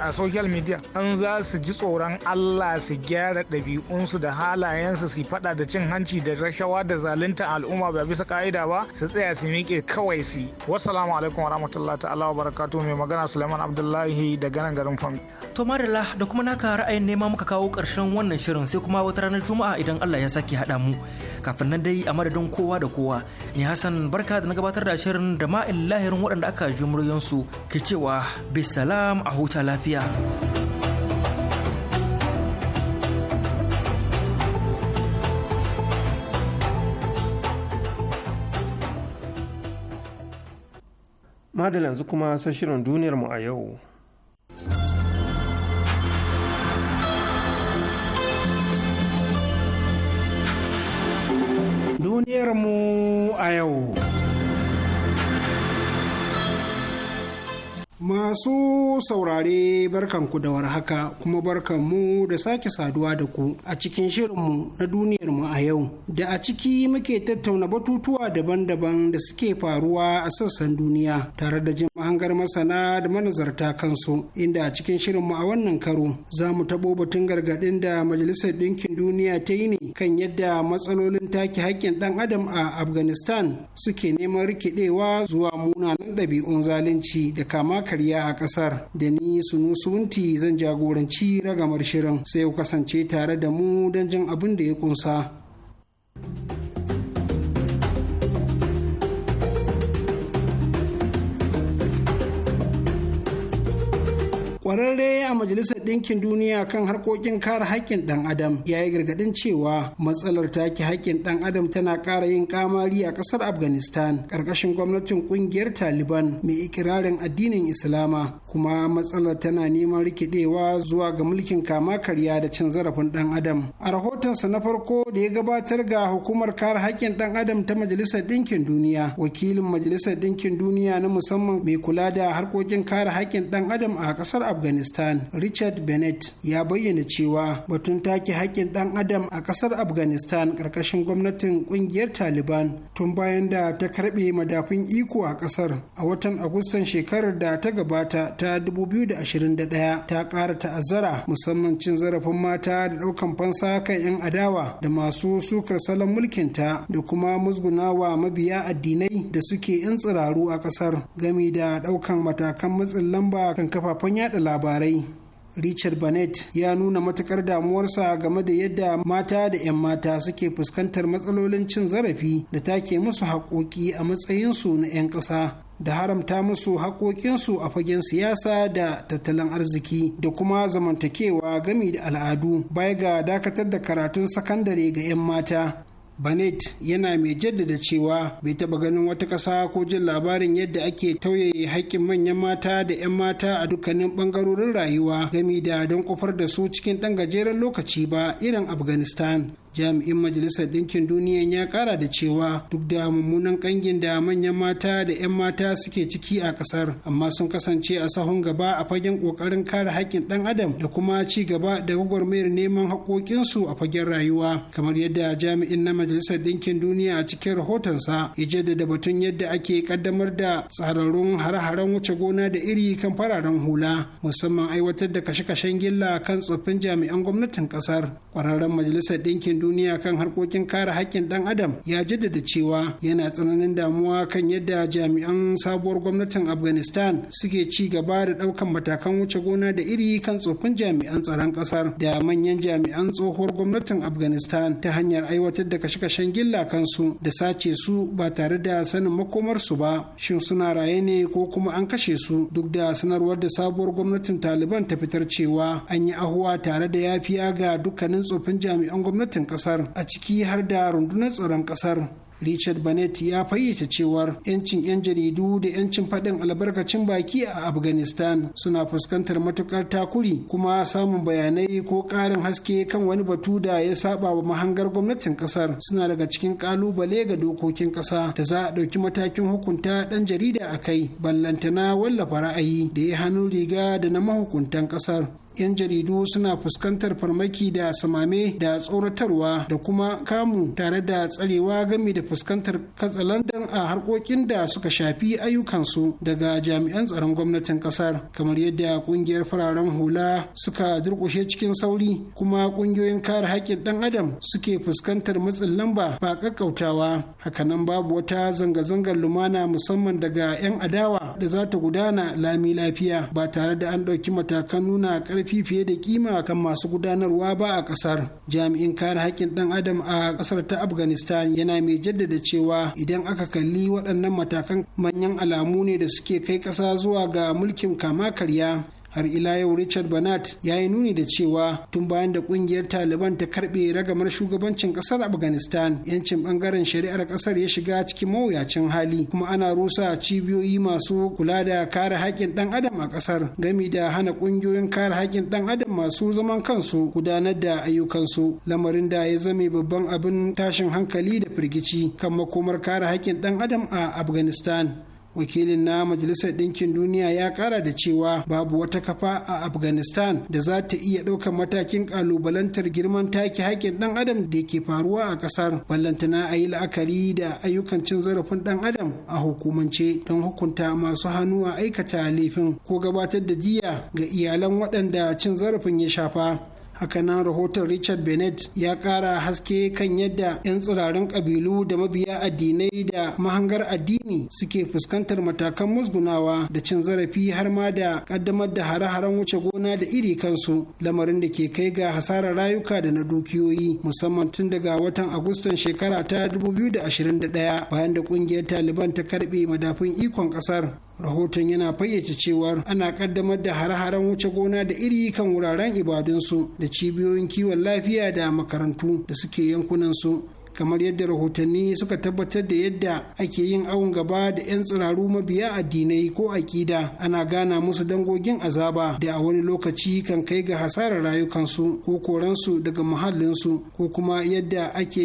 a social media an za su ji tsoron Allah su gyara ɗabi'unsu da halayensu su faɗa da cin hanci da rashawa da zalunta al'umma ba bisa ka'ida ba su tsaya su miƙe kawai su yi wassalamu alaikum warahmatullahi ta'ala wa barakatuh mai magana Suleiman Abdullahi daga nan garin Fam to marilla da kuma naka ra'ayin nema muka kawo ƙarshen wannan shirin sai kuma wata ranar juma'a idan Allah ya saki haɗa mu kafin nan dai a madadin kowa da kowa ni Hassan barka da na gabatar da shirin da ma'in lahirin waɗanda aka ji muryansu ke cewa bisalam a huta lafiya. Madal yanzu kuma sashirin shirin duniyarmu a yau. mu a yau. Masu saurare barkanku da warhaka kuma barkanmu da sake saduwa da ku a cikin shirin mu na duniyarmu a yau da a ciki muke tattauna batutuwa daban-daban da suke faruwa a sassan duniya tare da jin mahangar masana da manazarta kansu inda a cikin shirin mu a wannan karo za mu taɓo batun gargaɗin da Majalisar Ɗinkin Duniya ta yi ne kan yadda matsalolin take haƙƙin ɗan adam a Afghanistan suke neman rikidewa zuwa munanan ɗabi'un zalunci da kama karya a kasar da ni sunu sunti zan jagoranci ragamar shirin sai ku kasance tare da mu don jin abin da ya kunsa. kwararre a majalisar ɗinkin duniya kan harkokin kare haƙƙin ɗan adam ya yi gargaɗin cewa matsalar take haƙƙin ɗan adam tana ƙara yin kamari a ƙasar afghanistan ƙarƙashin gwamnatin ƙungiyar taliban mai ikirarin addinin islama kuma matsalar tana neman rikidewa zuwa ga mulkin kama karya da cin zarafin ɗan adam a rahotonsa na farko da ya gabatar ga hukumar kare haƙƙin ɗan adam ta majalisar ɗinkin duniya wakilin majalisar ɗinkin duniya na musamman mai kula da harkokin kare haƙƙin ɗan adam a ƙasar afghanistan afghanistan richard bennett ya bayyana cewa batun take haƙƙin ɗan adam a ƙasar afghanistan ƙarƙashin gwamnatin ƙungiyar taliban tun bayan da ta karɓe madafin iko a ƙasar a watan agustan shekarar da ta gabata ta 2021 ta ƙara ta'azzara musamman cin zarafin mata da ɗaukan fansa kan 'yan adawa da masu sukar salon mulkinta da kuma musgunawa mabiya addinai da suke 'yan tsiraru a ƙasar gami da ɗaukan matakan matsin lamba kan kafafen yada labarai Richard Bennett ya nuna matukar damuwarsa game da yadda mata da 'yan mata suke fuskantar matsalolin cin zarafi da take musu haƙoƙi a matsayinsu na 'yan ƙasa da haramta musu haƙoƙinsu a fagen siyasa da tattalin arziki da kuma zamantakewa gami da al'adu baya ga dakatar da karatun sakandare ga 'yan mata Banet yana mai jaddada cewa bai taɓa ganin wata ƙasa ko jin labarin yadda ake tauye haƙƙin manyan mata da 'yan mata a dukkanin ɓangarorin rayuwa gami da don kofar da su cikin ɗan gajeren lokaci ba irin Afghanistan. jami'in majalisar Dinkin duniya ya ƙara da cewa duk da mummunan ƙangin da manyan mata da 'yan mata suke ciki a ƙasar amma sun kasance a sahun gaba a fagen ƙoƙarin kare haƙƙin ɗan adam da kuma ci gaba da gwagwarmayar neman haƙoƙinsu a fagen rayuwa kamar yadda jami'in na majalisar ɗinkin duniya a cikin rahotonsa ya jaddada batun yadda ake ƙaddamar da tsararrun hare-haren wuce gona da iri kan fararen hula musamman aiwatar da kashe-kashen gilla kan tsoffin jami'an gwamnatin ƙasar ƙwararren majalisar ɗinkin duniya kan harkokin kare haƙƙin ɗan adam ya jaddada cewa yana tsananin damuwa kan yadda jami'an sabuwar gwamnatin afghanistan suke ci gaba da ɗaukan matakan wuce gona da iri kan tsoffin jami'an tsaron ƙasar da manyan jami'an tsohuwar gwamnatin afghanistan ta hanyar aiwatar da kashe-kashen gilla kansu da sace su ba tare da sanin makomarsu ba shin suna raye ne ko kuma an kashe su duk da sanarwar da sabuwar gwamnatin taliban ta fitar cewa an yi ahuwa tare da yafiya ga dukkanin tsoffin jami'an gwamnatin kasar a ciki har da rundunar tsaron kasar Richard Bennett ya fayyace cewar 'yancin 'yan jaridu da 'yancin faɗin albarkacin baki a Afghanistan suna fuskantar matukar takuri kuma samun bayanai ko ƙarin haske kan wani batu da ya saba wa mahangar gwamnatin ƙasar suna daga cikin ƙalubale ga dokokin ƙasa da za a ɗauki matakin hukunta ɗan jarida a kai ballantana wallafa ra'ayi da ya hannu riga da na mahukuntan ƙasar. 'yan jaridu suna fuskantar farmaki da samame da tsoratarwa da kuma kamu tare da tsarewa game da fuskantar katsalandan a harkokin da suka shafi ayyukansu daga jami'an tsaron gwamnatin kasar kamar yadda kungiyar fararen hula suka durkushe cikin sauri kuma kungiyoyin kare haƙƙin ɗan adam suke fuskantar matsin lamba ba ƙaƙƙautawa hakanan babu wata zanga-zangar lumana musamman daga 'yan adawa da za ta gudana lami lafiya ba tare da an ɗauki matakan nuna ƙarfi ƙarfi fiye da kima kan masu gudanarwa ba a ƙasar jami'in kare haƙƙin ɗan adam a ƙasar ta afghanistan yana mai jaddada cewa idan aka kalli waɗannan matakan manyan alamu ne da suke kai ƙasa zuwa ga mulkin kama karya har ila yau richard banat ya yi nuni da cewa tun bayan da kungiyar taliban ta karbe ragamar shugabancin kasar afghanistan yancin bangaren shari'ar kasar ya shiga cikin mawuyacin hali kuma ana rusa cibiyoyi masu kula da kare haƙƙin dan adam a kasar gami da hana kungiyoyin kare haƙƙin dan adam masu zaman kansu gudanar da ayyukansu lamarin da ya zame babban abin tashin hankali da firgici kan makomar kare haƙƙin dan adam a afghanistan wakilin na majalisar ɗinkin duniya ya ƙara da cewa babu wata kafa a afghanistan da za ta iya ɗaukar matakin ƙalubalantar girman take haƙƙin ɗan adam da ke faruwa a ƙasar ballantana a yi la'akari da ayyukan cin zarafin ɗan adam a hukumance don hukunta masu hannu a aikata laifin ko gabatar da jiya ga iyalan waɗanda cin zarafin ya shafa hakanan rahoton richard bennett ya kara haske kan yadda 'yan tsirarin kabilu da mabiya addinai da mahangar addini suke fuskantar matakan musgunawa da cin zarafi har ma da kaddamar da hare-haren wuce gona da iri kansu lamarin da ke kai ga hasarar rayuka da na dukiyoyi musamman tun daga watan agustan shekara ta 2021 bayan da kungiyar taliban ta karbe madafun ikon kasar rahoton yana fayyace cewa ana kaddamar da hare-haren wuce gona da iri kan wuraren ibadunsu da cibiyoyin kiwon lafiya da makarantu da suke yankunansu kamar yadda rahotanni suka tabbatar da yadda ake yin awon gaba da 'yan tsiraru mabiya addinai ko akida ana gana musu dangogin azaba da a wani lokaci kan kai ga hasarar rayukansu ko koransu daga muhallinsu ko kuma yadda ake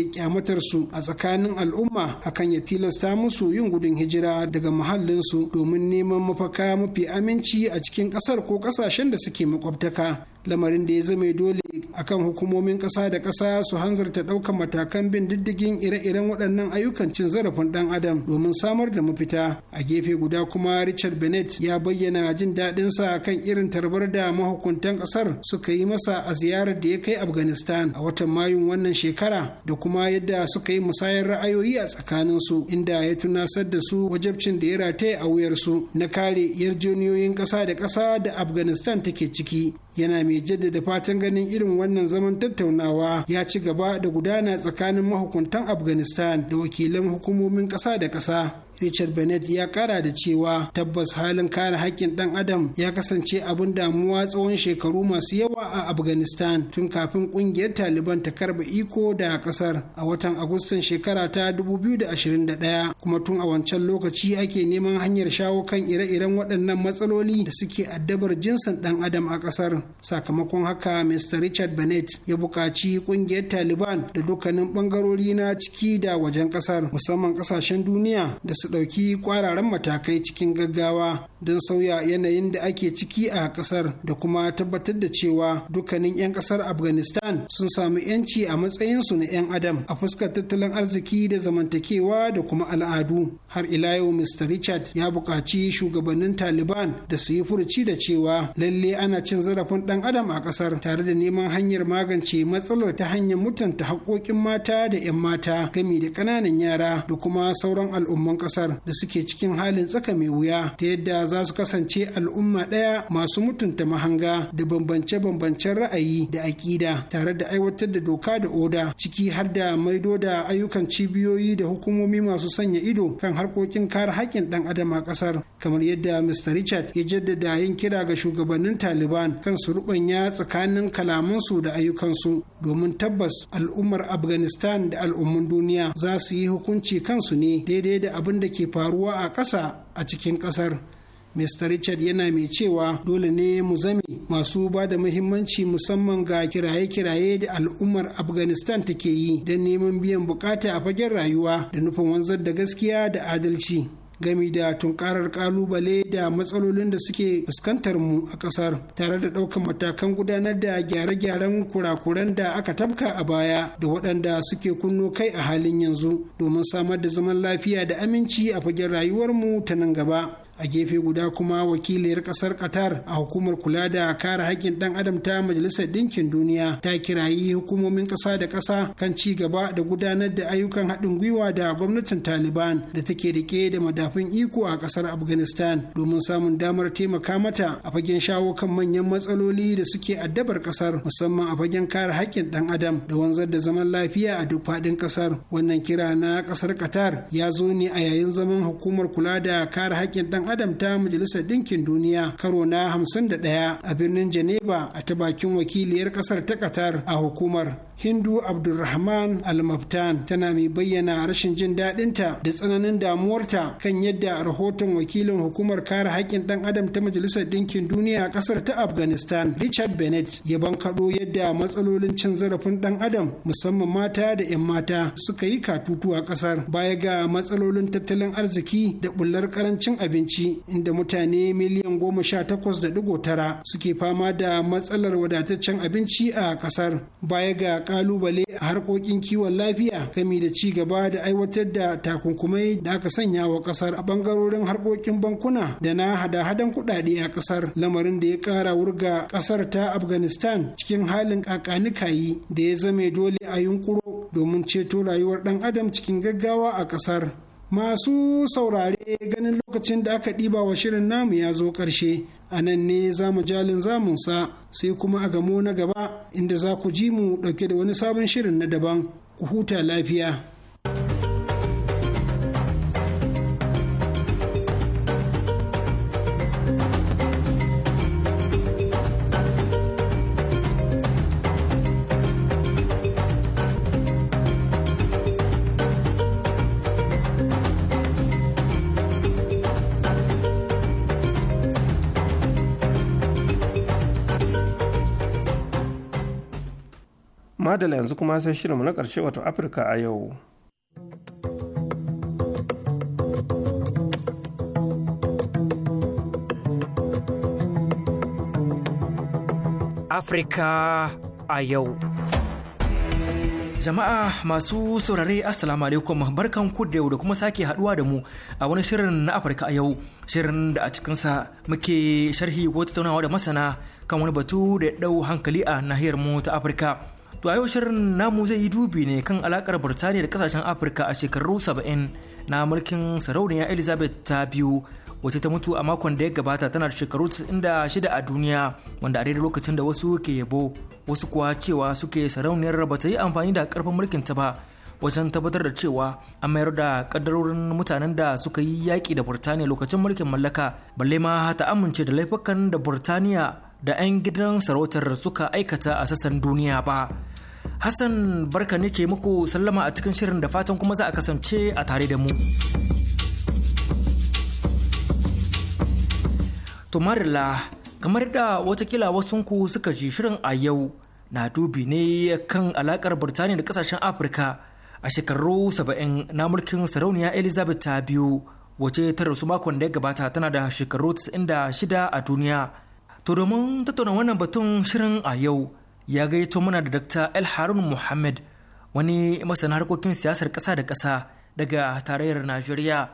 su a tsakanin al'umma akan ya tilasta musu yin gudun hijira daga muhallinsu domin neman mafaka mafi aminci a cikin ƙasar ko ƙasashen da suke makwabtaka lamarin da ya zama dole akan hukumomin ƙasa da ƙasa su hanzarta ɗaukar matakan bin diddigin ire-iren waɗannan ayyukan cin zarafin ɗan adam domin samar da mafita a gefe guda kuma richard bennett ya bayyana jin daɗinsa kan irin tarbar da mahukuntan ƙasar suka yi masa a ziyarar da ya kai afghanistan a watan mayun wannan shekara da kuma yadda suka yi musayar ra'ayoyi a tsakanin su inda ya tunasar da su wajabcin da ya rataye a wuyarsu na kare yarjejeniyoyin ƙasa da ƙasa da afghanistan take ciki yana mai jaddada fatan ganin irin wannan zaman tattaunawa ya ci gaba da gudana tsakanin mahukuntan afghanistan da wakilan hukumomin ƙasa da ƙasa richard bennett ya kara da cewa tabbas halin kare haƙƙin ɗan adam ya kasance abin damuwa tsawon shekaru masu yawa a afghanistan tun kafin ƙungiyar taliban ta karba iko da ƙasar a watan agustan shekara ta 2021 kuma tun a wancan lokaci ake neman hanyar shawo kan ire-iren waɗannan matsaloli da suke addabar jinsin ɗan adam a ƙasar sakamakon haka mr richard bennett ya buƙaci ƙungiyar taliban da dukkanin ɓangarori na ciki da wajen ƙasar musamman ƙasashen duniya da su su ɗauki kwararan matakai cikin gaggawa don sauya yanayin da ake ciki a kasar da kuma tabbatar da cewa dukkanin 'yan kasar afghanistan sun samu 'yanci a matsayinsu na 'yan adam a fuskar tattalin arziki da zamantakewa da kuma al'adu har ila yau mr richard ya buƙaci shugabannin taliban da su yi furuci da cewa lalle ana cin zarafin ɗan adam a kasar tare da neman hanyar magance matsalar ta hanyar mutunta haƙoƙin mata da 'yan mata gami da ƙananan yara da kuma sauran al'umman kasar da suke cikin halin tsaka mai wuya ta yadda za su kasance al'umma ɗaya masu mutunta mahanga da bambance-bambancen ra'ayi da aƙida tare da aiwatar da doka da oda ciki har da maido da ayyukan cibiyoyi da hukumomi masu sanya ido kan harkokin kare haƙƙin ɗan adam a ƙasar kamar yadda Mr. Richard ya jaddada yin kira ga shugabannin Taliban kan su rubanya tsakanin kalamansu da ayyukansu domin tabbas al'ummar Afghanistan da al'ummun duniya za su yi hukunci kansu ne daidai da abin da ke faruwa a ƙasa a cikin ƙasar. Mr. Richard yana mai cewa dole ne mu zame masu ba da muhimmanci musamman ga kiraye-kiraye da al'ummar Afghanistan take yi don neman biyan bukata a fagen rayuwa da nufin wanzar da gaskiya da adalci. gami da tunkarar kalubale da matsalolin da suke fuskantar mu a kasar tare da ɗaukar matakan gudanar da gyare-gyaren kurakuran da aka tabka a baya da waɗanda suke kunno kai a halin yanzu domin samar da zaman lafiya da aminci a fagen rayuwar mu ta nan gaba a gefe guda kuma wakiliyar kasar qatar a hukumar kula da kare haƙƙin ɗan adam ta majalisar ɗinkin duniya ta kirayi hukumomin ƙasa da ƙasa kan ci gaba da gudanar da ayyukan haɗin gwiwa da gwamnatin taliban da take rike da madafin iko a ƙasar afghanistan domin samun damar taimaka mata a fagen shawo kan manyan matsaloli da suke addabar ƙasar musamman a fagen kare haƙƙin ɗan adam da wanzar da zaman lafiya a duk faɗin ƙasar wannan kira na ƙasar qatar ya zo ne a yayin zaman hukumar kula da kare haƙƙin ɗan adam ta majalisar ɗinkin duniya karo na 51 a birnin Geneva a ta bakin wakiliyar ƙasar ta Qatar a hukumar hindu abdulrahman almaftan tana mai bayyana rashin jin daɗinta da tsananin damuwarta kan yadda rahoton wakilin hukumar kare haƙƙin ɗan adam ta majalisar ɗinkin duniya a ƙasar ta afghanistan richard bennett ya bankaɗo yadda matsalolin cin zarafin ɗan adam musamman mata da 'yan mata suka yi katutu a ƙasar baya ga matsalolin tattalin arziki da bullar karancin abinci inda mutane miliyan goma sha takwas da digo tara suke fama da matsalar wadataccen abinci a ƙasar baya ga kalubale a harkokin kiwon lafiya kami da ci gaba da aiwatar da takunkumai da aka sanya wa kasar a bangarorin harkokin bankuna da na hada-hadan kuɗaɗe a kasar lamarin da ya kara wurga kasar ta afghanistan cikin halin kakanikayi da ya zame dole a yunkuro domin ceto rayuwar ɗan adam cikin gaggawa a kasar masu saurare ganin lokacin da aka ɗiba wa shirin namu ya zo ƙarshe a nan ne zamu jalin zamunsa sai kuma a gamo na gaba inda za ku ji mu ɗauke da wani sabon shirin na daban ku huta lafiya. da yanzu kuma sai shirinmu na ƙarshe wato afirka a yau afirka a yau Jama'a masu saurare Assalamu alaikum barkan ku da da kuma sake haduwa da mu a wani shirin na Afirka a yau shirin da a cikinsa muke sharhi ko tattaunawa da masana kan wani batu da ya dau hankali a nahiyar mu ta Afirka. To a yau shirin namu zai yi dubi ne kan alakar Birtaniya da kasashen Afirka a shekaru 70 na mulkin sarauniya Elizabeth ta biyu wacce ta mutu a makon da ya gabata tana da shekaru 96 a duniya wanda a daidai lokacin da wasu ke yabo wasu kuwa cewa suke sarauniyar ba ta yi amfani da karfin mulkin ta ba wajen tabbatar da cewa an mayar da kaddarorin mutanen da suka yi yaƙi da burtaniya lokacin mulkin mallaka balle ma ta amince da laifukan da burtaniya da 'yan gidan sarautar suka aikata a sassan duniya ba Hassan barka ne ke muku sallama a cikin shirin da fatan kuma za a kasance a tare da mu. Tumarila, kamar da watakila wasunku suka ji shirin a yau na dubi ne kan alakar Birtaniya da kasashen Afirka a shekaru saba'in na mulkin sarauniya Elizabeth ta biyu wace ta rasu makon da ya gabata tana da shekaru 96 a duniya. To domin tattauna wannan batun shirin a yau ya gayyato muna da Dr. El Harun muhammed wani masana harkokin siyasar ƙasa da ƙasa daga tarayyar Najeriya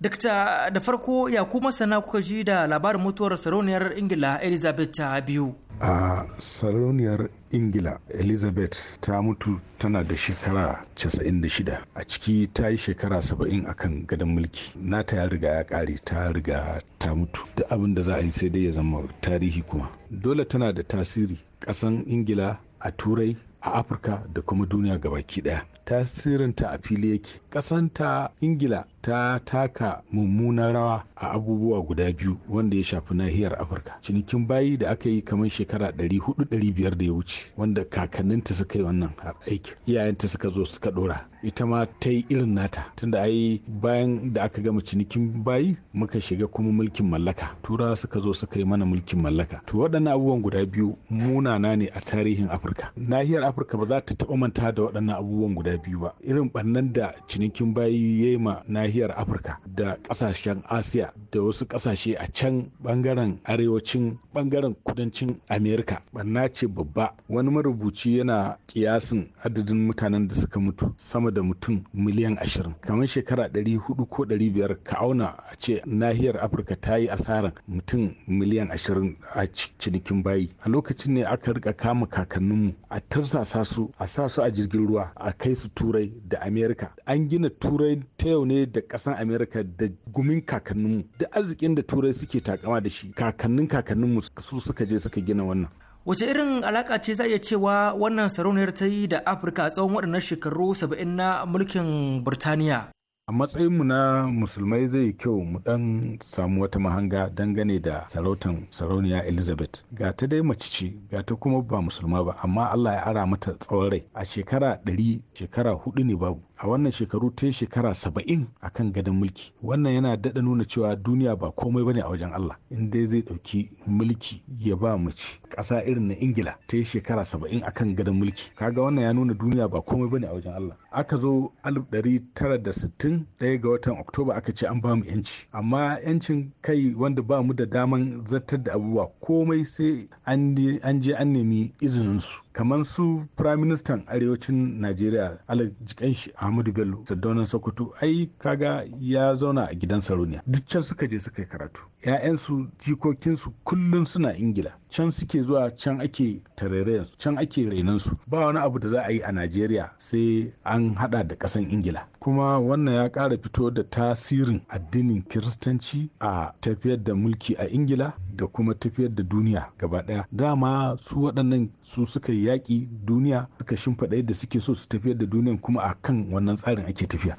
dakta da farko ya ku masana kuka ji da labarin mutuwar sarauniyar ingila elizabeth ta biyu a sarauniyar ingila elizabeth ta mutu tana da shekara 96 a ciki ta yi shekara 70 a kan gadon mulki nata ya riga ya kare ta riga ta mutu da abin da za a yi sai dai ya zama tarihi kuma dole tana da tasiri ƙasan ingila a turai a afirka da kuma duniya gabaki daya tasirinta a fili yake ƙasanta ingila ta taka mummunan rawa a abubuwa guda biyu wanda ya shafi nahiyar afirka cinikin bayi da aka yi kamar shekara 400-500 da ya wuce wanda kakanninta suka yi wannan aiki. iyayenta suka zo suka dora ita ma ta yi irin nata tunda ai bayan da aka gama cinikin bayi muka shiga kuma mulkin mallaka tura suka zo suka yi mana mulkin mallaka to waɗannan abubuwan guda biyu munana ne a tarihin afirka nahiyar afirka ba za ta taɓa manta da waɗannan abubuwan guda biyu ba irin ɓannan da cinikin bayi ya ma nahiyar afirka da ƙasashen asiya da wasu ƙasashe a can ɓangaren arewacin ɓangaren kudancin amerika ɓanna ce babba wani marubuci yana kiyasin adadin mutanen da suka mutu sama sama da mutum miliyan ashirin kamar shekara ɗari hudu ko ɗari biyar ka auna a ce nahiyar afirka ta yi asarar mutum miliyan ashirin a cinikin bayi a lokacin ne aka rika kama kakanninmu a tarsasa su a sa su a jirgin ruwa a kai su turai da amerika an gina turai ta yau ne da ƙasan amerika da gumin kakanninmu da arzikin da turai suke takama da shi kakannin kakanninmu su suka je suka gina wannan wace irin alaka ce za iya cewa wannan sarauniyar ta yi da afirka a tsawon waɗannan shekaru saba'in na mulkin birtaniya a matsayinmu na musulmai zai yi kyau mu ɗan samu wata mahanga dangane da sarautan sarauniya elizabeth ga ta dai mace ce ga ta kuma ba musulma ba amma allah ya ara mata tsawon rai a shekara ɗari shekara hudu ne babu a wannan shekaru ta shekara saba'in a kan gadon mulki wannan yana daɗa nuna cewa duniya ba komai bane a wajen Allah in dai zai ɗauki mulki ya ba mace ƙasa irin na ingila ta yi shekara saba'in a kan gadon mulki kaga wannan ya nuna duniya ba komai bane a wajen Allah aka zo alif ɗari tara da sittin ɗaya ga watan oktoba aka ce an bamu mu yanci amma yancin kai wanda ba mu da daman zartar da abubuwa komai sai an je an nemi izininsu kamar su prime minister arewacin najeriya alhaji kanshi ahmadu bello sadaunan sokoto ai kaga ya zauna a gidan sarauniya duk can suka je suka yi karatu ‘ya'yansu jikokinsu kullum suna ingila can suke zuwa can ake tarairayensu can ake rainansu ba wani abu da za a yi a najeriya sai an hada da kasan ingila kuma wannan ya kara fito da tasirin addinin kiristanci a tafiyar da mulki a ingila da kuma tafiyar da duniya gaba ɗaya dama su waɗannan su suka yaƙi duniya suka shimfiɗa da suke so su tafiyar da duniya kuma a kan wannan tsarin ake tafiya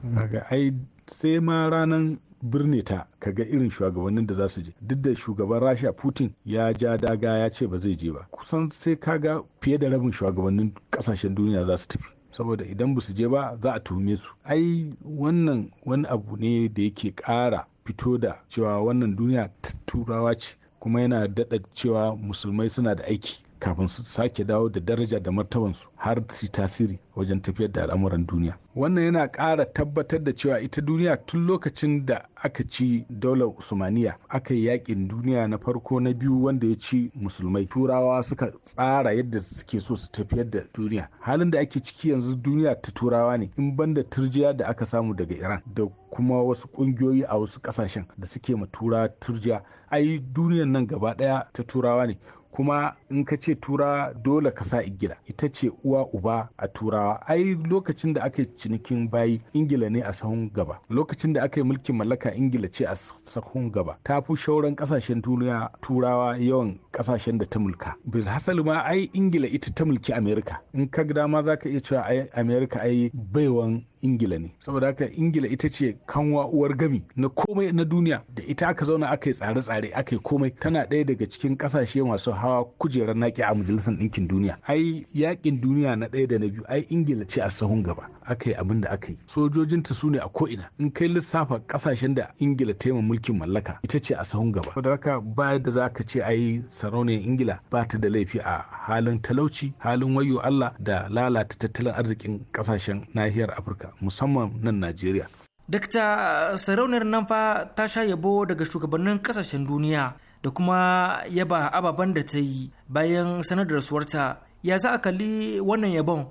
ai sai ma ranan birne ta kaga irin shugabannin da za su je duk da shugaban rasha putin ya ja daga ya ce ba zai je ba kusan sai kaga fiye da rabin shugabannin kasashen duniya za su tafi saboda idan ba su je ba za a tuhume su ai wannan wani abu ne da yake ƙara fito da cewa wannan duniya turawa ce kuma yana daɗa cewa musulmai suna da aiki kafin su sake dawo da daraja da martabansu har su tasiri wajen tafiyar da al'amuran duniya wannan yana ƙara tabbatar da cewa ita duniya tun lokacin da aka ci daular usmaniya aka yi yakin duniya na farko na biyu wanda ya ci musulmai turawa suka tsara yadda suke so su tafiyar da duniya halin da ake ciki yanzu duniya ta turawa ne in banda turjiya da aka samu daga iran da kuma wasu kungiyoyi a wasu kasashen da suke ma turawa turjiya ai duniyan nan gaba daya ta turawa ne kuma in ka ce tura dole ka sa igila ita ce uwa uba a turawa ai lokacin da aka yi cinikin bayi ingila ne a sahun gaba lokacin da aka yi mulkin mallaka ingila ce a sahun gaba ta fi shauran kasashen duniya turawa yawan kasashen da ta mulka hasali ma ai ingila ita ta mulki amerika in ka dama za ka iya cewa ai amerika ai baiwan ingila ne saboda haka ingila ita ce kanwa uwar gami na komai na duniya da ita aka zauna aka yi tsare-tsare aka yi komai tana ɗaya daga cikin kasashe masu hawa kujerar naki a majalisar ɗinkin duniya ai yakin duniya na ɗaya da na biyu ai ingila ce a sahun gaba aka yi abin da aka yi sojojinta su ne a ko'ina in kai lissafa ƙasashen da ingila ta yi mulkin mallaka ita ce a sahun gaba saboda haka ba da za ka ce ai sarauniyar ingila ba ta da laifi a halin talauci halin wayo allah da lalata tattalin arzikin ƙasashen nahiyar afirka musamman nan najeriya dakta sarauniyar nan fa ta sha yabo daga shugabannin ƙasashen duniya da kuma yaba ababen da ta yi bayan sanar da rasuwarta ya za a kalli wannan yabon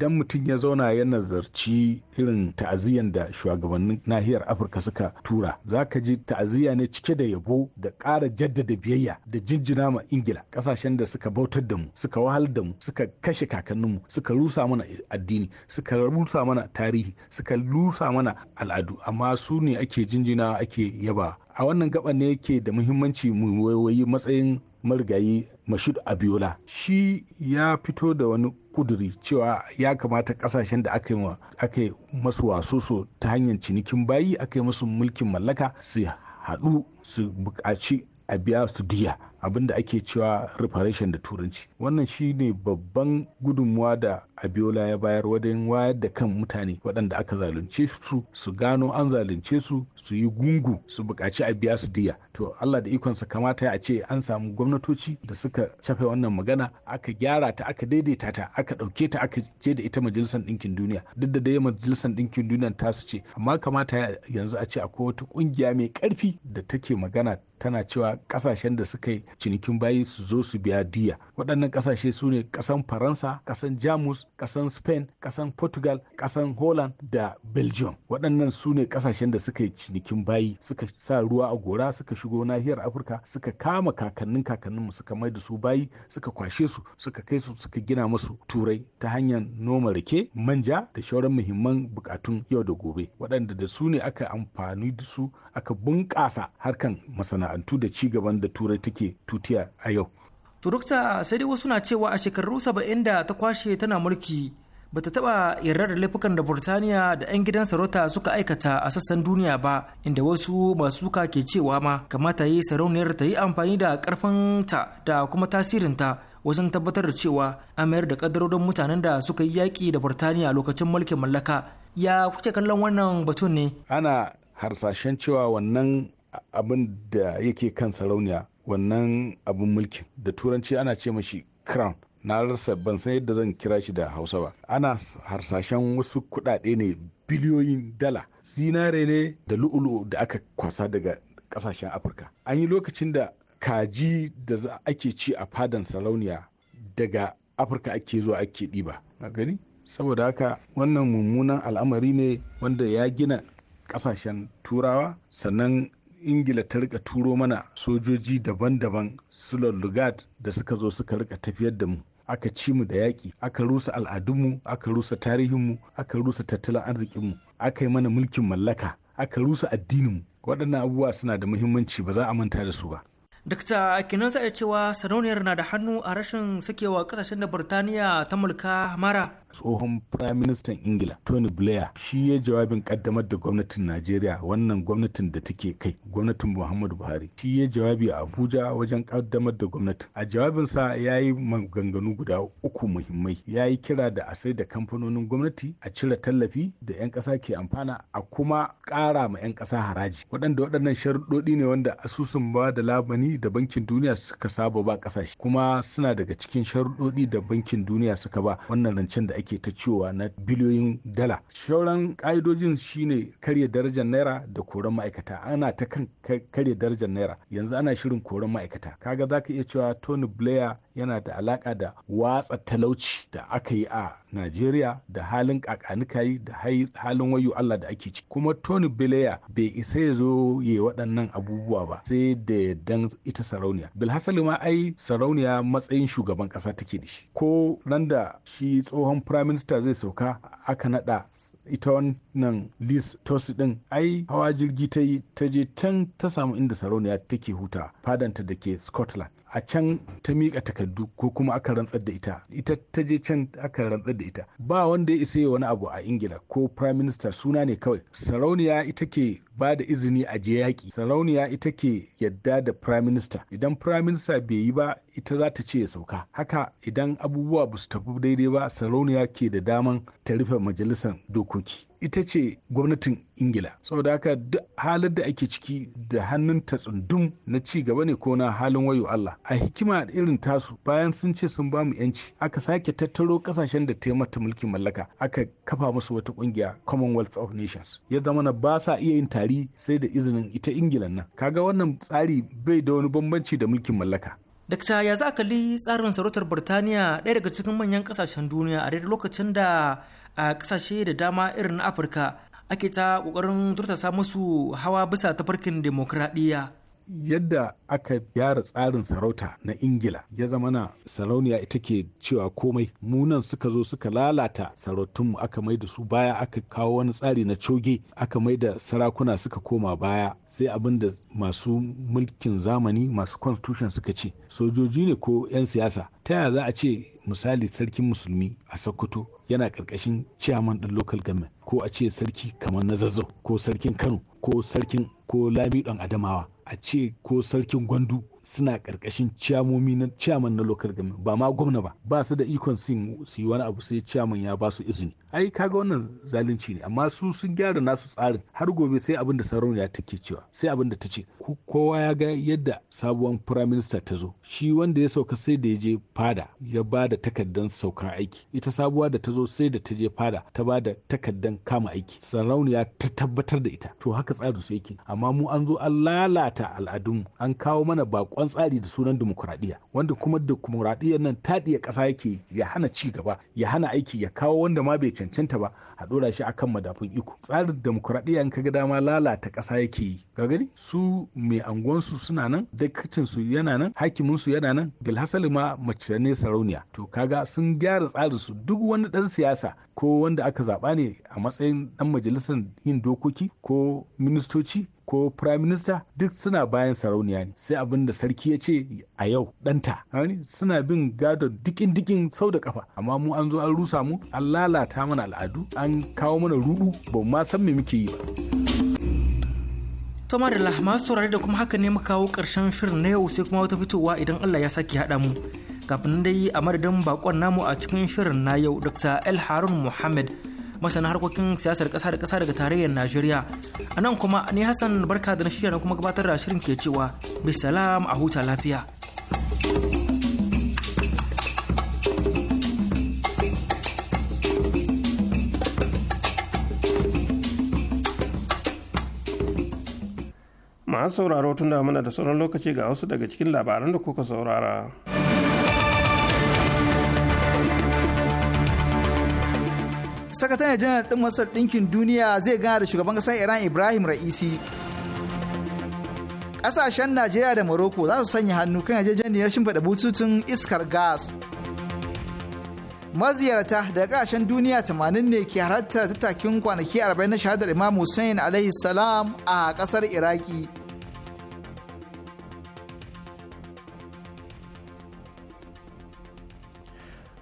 idan mutum ya zauna ya nazarci irin ta'aziyan da shugabannin nahiyar afirka suka tura za ka ji ta'aziyya ne cike da yabo da ƙara jaddada biyayya da jinjina ma ingila ƙasashen da suka bautar da mu suka wahal da mu suka kashe kakanninmu suka rusa mana addini suka rusa mana tarihi suka rusa mana al'adu amma su ne ake jinjina ake yaba a wannan gaba ne yake da muhimmanci mu waiwayi matsayin marigayi mashud abiola shi ya fito da wani kuduri cewa ya kamata kasashen da aka yi masu wasoso ta hanyar cinikin bayi aka yi masu mulkin mallaka su haɗu su buƙaci a biya su diya abinda ake cewa reparation da turanci wannan shi ne babban gudunmuwa da abiola ya bayar wajen wayar da kan mutane waɗanda aka zalunce su su gano an zalunce su su yi gungu su buƙaci a biya su diya to Allah da ikonsa kamata a ce an samu gwamnatoci da suka cafe wannan magana aka gyara ta aka daidaita ta aka ɗauke ta aka ce da ita majalisar ɗinkin duniya duk da dai majalisar ɗinkin duniya ta su ce amma kamata yanzu a ce akwai wata ƙungiya mai karfi da take magana tana cewa kasashen da suka yi cinikin bayi su zo su biya diya waɗannan ƙasashe su ne ƙasan faransa ƙasan jamus ƙasan spain ƙasan portugal ƙasan holland da belgium waɗannan su ne ƙasashen da suka yi cinikin bayi suka sa ruwa a gora suka shigo nahiyar afirka suka kama kakannin kakanninmu suka mai da su bayi suka kwashe su suka kai su suka gina musu turai ta hanyar noma rake manja da shauran muhimman bukatun yau da gobe waɗanda da su ne aka amfani da su aka bunƙasa harkan masana'antu da ci gaban da turai take tutiya a yau turukta sai dai wasu na cewa a shekaru saba'in da ta kwashe tana mulki ba ta taɓa yarda da laifukan da burtaniya da 'yan gidan sarauta suka aikata a sassan duniya ba inda wasu masu suka ke cewa ma kamata yi sarauniyar ta yi amfani da ƙarfinta da kuma tasirinta wajen tabbatar da cewa an mayar da kadarorin mutanen da suka yi yaƙi da burtaniya lokacin mulkin mallaka ya kuke kallon wannan batun ne ana harsashen cewa wannan abin da yake kan sarauniya wannan abin mulkin da turanci ana ce mashi crown na rasa ban san yadda zan kira shi da hausa ba ana harsashen wasu kudade ne biliyoyin dala zinare ne da lu'ulu da aka kwasa daga kasashen afirka an yi lokacin da kaji da ake ci a fadan sarauniya daga afirka ake zuwa ake ɗiba gani saboda haka wannan mummunan al'amari ne wanda ya gina kasashen turawa sannan ingila ta rika turo mana sojoji daban-daban su lullugat da suka zo suka rika tafiyar da mu aka ci mu da yaƙi aka rusa al'adunmu aka rusa tarihinmu aka rusa tattalin arzikinmu aka yi mana mulkin mallaka aka rusa addininmu waɗannan abubuwa suna da muhimmanci ba za a manta da su ba Dakta kinan sai cewa sarauniyar na da hannu a rashin sakewa kasashen da burtaniya ta mulka mara. tsohon firaministan ingila tony blair shi ya jawabin kaddamar da gwamnatin najeriya wannan gwamnatin da take kai gwamnatin muhammadu buhari shi ya jawabi a abuja wajen kaddamar da gwamnati. a jawabinsa ya yi maganganu guda uku muhimmai ya yi kira da a sai da kamfanonin gwamnati a cire tallafi da 'yan kasa ke amfana a kuma kara ma 'yan kasa haraji waɗanda waɗannan sharuɗoɗi ne wanda asusun ba da labani da bankin duniya suka saba ba ƙasashe kuma suna daga cikin sharuɗoɗi da bankin duniya suka ba wannan rancen da ake ta cewa na biliyoyin dala shauran ƙa'idojin shine karya darajar naira da koran ma'aikata ana ta kan karya darajar naira yanzu ana shirin koran ma'aikata kaga za ka iya cewa tony blair yana da alaƙa da watsa talauci da aka yi a Najeriya da halin kakanikayi da halin wayo Allah da ake ci. kuma Tony Blair bai isa ya zo ya waɗannan abubuwa ba sai da dan ita sarauniya bilhassali ma ai sarauniya matsayin shugaban ƙasa take da shi ko nan da shi tsohon firaminista zai sauka aka naɗa ita wannan Liz Tosi din ai hawa jirgi ta yi ta je can ta samu inda sarauniya take huta fadanta da ke Scotland a can ta miƙa takardu ko kuma aka rantsar da ita ita ta je can aka rantsar da ita ba wanda ya isa yi wani abu a ingila ko prime minister suna ne kawai sarauniya ita ke ba da izini a je yaƙi sarauniya ita ke yadda da prime minister idan prime minister bai yi ba ita za ta ce ya sauka haka idan abubuwa ba su tafi daidai ba sarauniya ke da daman ta rufe majalisar dokoki ita ce gwamnatin ingila saboda haka duk halar da ake ciki da hannun ta tsundum na ci gaba ne ko na halin wayo allah a hikima irin tasu bayan sun ce sun bamu yanci aka sake tattaro kasashen da ta mata mulkin mallaka aka kafa musu wata kungiya commonwealth of nations ya zama na ba sa iya yin tari sai da izinin ita ingila nan kaga wannan tsari bai da wani bambanci da mulkin mallaka Dakta ya za kalli tsarin sarautar Birtaniya ɗaya daga cikin manyan ƙasashen duniya a daidai lokacin da a kasashe da dama irin afirka ake ta ƙoƙarin turtasa musu hawa bisa tafarkin demokradiyya yadda aka gyara tsarin sarauta na ingila ya zama na sarauniya ita ke cewa komai munan suka zo suka lalata sarautunmu aka mai da su baya aka kawo wani tsari na coge aka mai da sarakuna suka koma baya sai abin da masu mulkin zamani masu constitution suka ce sojoji ne ko 'yan siyasa ta yaya za a ce misali sarkin musulmi a sokoto yana karkashin ciyaman ɗin local government ko a ce sarki kamar na zazzau ko sarkin kano ko sarkin ko ɗan adamawa a ce ko sarkin gwandu suna karkashin ciyamomi na ciyaman na local government ba ma gwamna ba ba su da ikon su yi wani abu sai ciyaman ya ba su izini ai kaga wannan zalunci ne amma su sun gyara nasu tsarin har gobe sai abin da sarauniya take cewa sai abin da ta ce kowa ya ga yadda sabuwan prime minister ta zo shi wanda ya sauka sai da ya je fada ya ba da takardan sauka aiki ita sabuwa da ta zo sai da ta je fada ta ba da takardan kama aiki sarauniya ta tabbatar da ita to haka tsarin su yake amma mu an zo an lalata al'adunmu an kawo mana bako kwan tsari da sunan dimokuraɗiyya wanda kuma demokuraɗiyyar nan taɗiya ƙasa yake ya hana ci gaba ya hana aiki ya kawo wanda ma bai cancanta ba a ɗora shi akan madafun iko tsarin demokuraɗiyya in ka ga dama lalata ƙasa yake yi ga su mai angonsu suna nan dakacin su yana nan hakimin su yana nan bilhassali ma mace ne sarauniya to kaga sun gyara tsarin su duk wani ɗan siyasa ko wanda aka zaɓa ne a matsayin ɗan majalisar yin dokoki ko ministoci ko prime minister duk suna bayan sarauniya ne sai abin da sarki ya ce a yau ɗanta suna bin gado dikin dikin sau da kafa amma mu an zo an rusa mu an lalata mana al'adu an kawo mana rudu ba ma san me muke yi ba to da masu saurare da kuma haka ne mu kawo karshen shirin na yau sai kuma wata fitowa idan Allah ya saki haɗa mu. Kafin dai a madadin bakon namu a cikin shirin na yau Dr. El Harun Muhammad masana harkokin siyasar kasa da ƙasa daga tarayyar Najeriya. A nan kuma ni Hassan barka da na shirya na kuma gabatar da shirin ke cewa bisalam a huta lafiya. masu sauraro tun da muna da sauran lokaci ga wasu daga cikin labaran da kuka saurara. sakataren janar din masar ɗinkin duniya zai gana da shugaban ƙasar iran ibrahim ra'isi ƙasashen najeriya da morocco za su sanya hannu kan yarjejeniyar shimfiɗa bututun iskar gas maziyarta daga ƙasashen duniya tamanin ne ke halarta tattakin kwanaki 40 na shahadar imam hussein alaihi salam a ƙasar iraki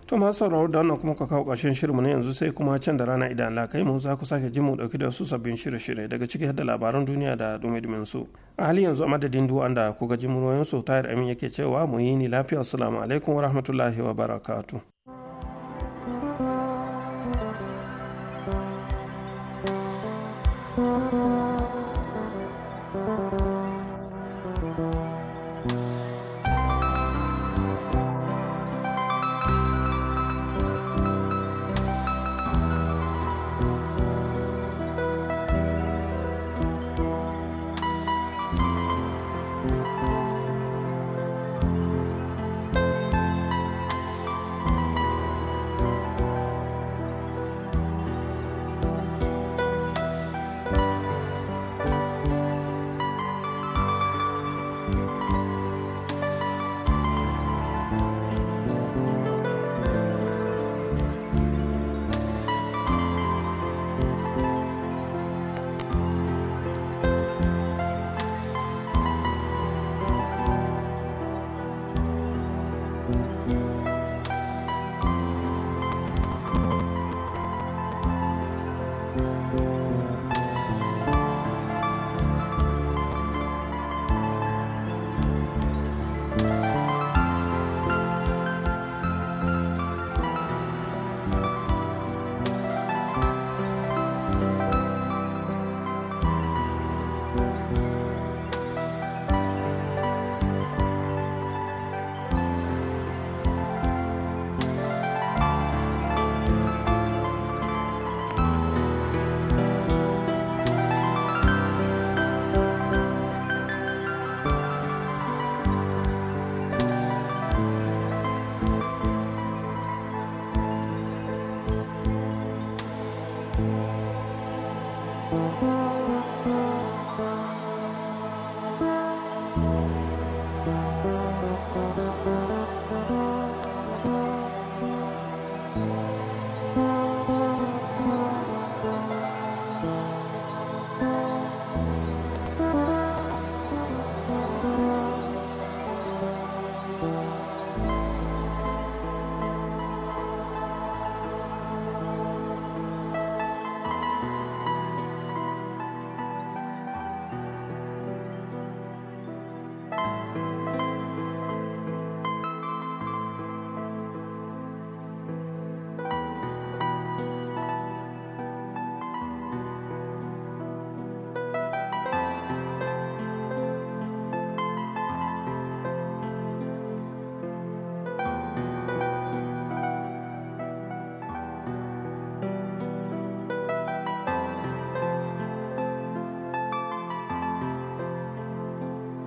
to ma sauraro da wannan kuma ka kawo ƙarshen shirinmu na yanzu sai kuma can da rana idan lakai mu za ku sake jin mu dauki da su sabbin shirye-shirye daga ciki da labaran duniya da dume dumin su a hali yanzu a madadin an da ku ga jimuroyin su tayar amin yake cewa mu yi ni lafiya assalamu alaikum wa rahmatullahi wa barakatu.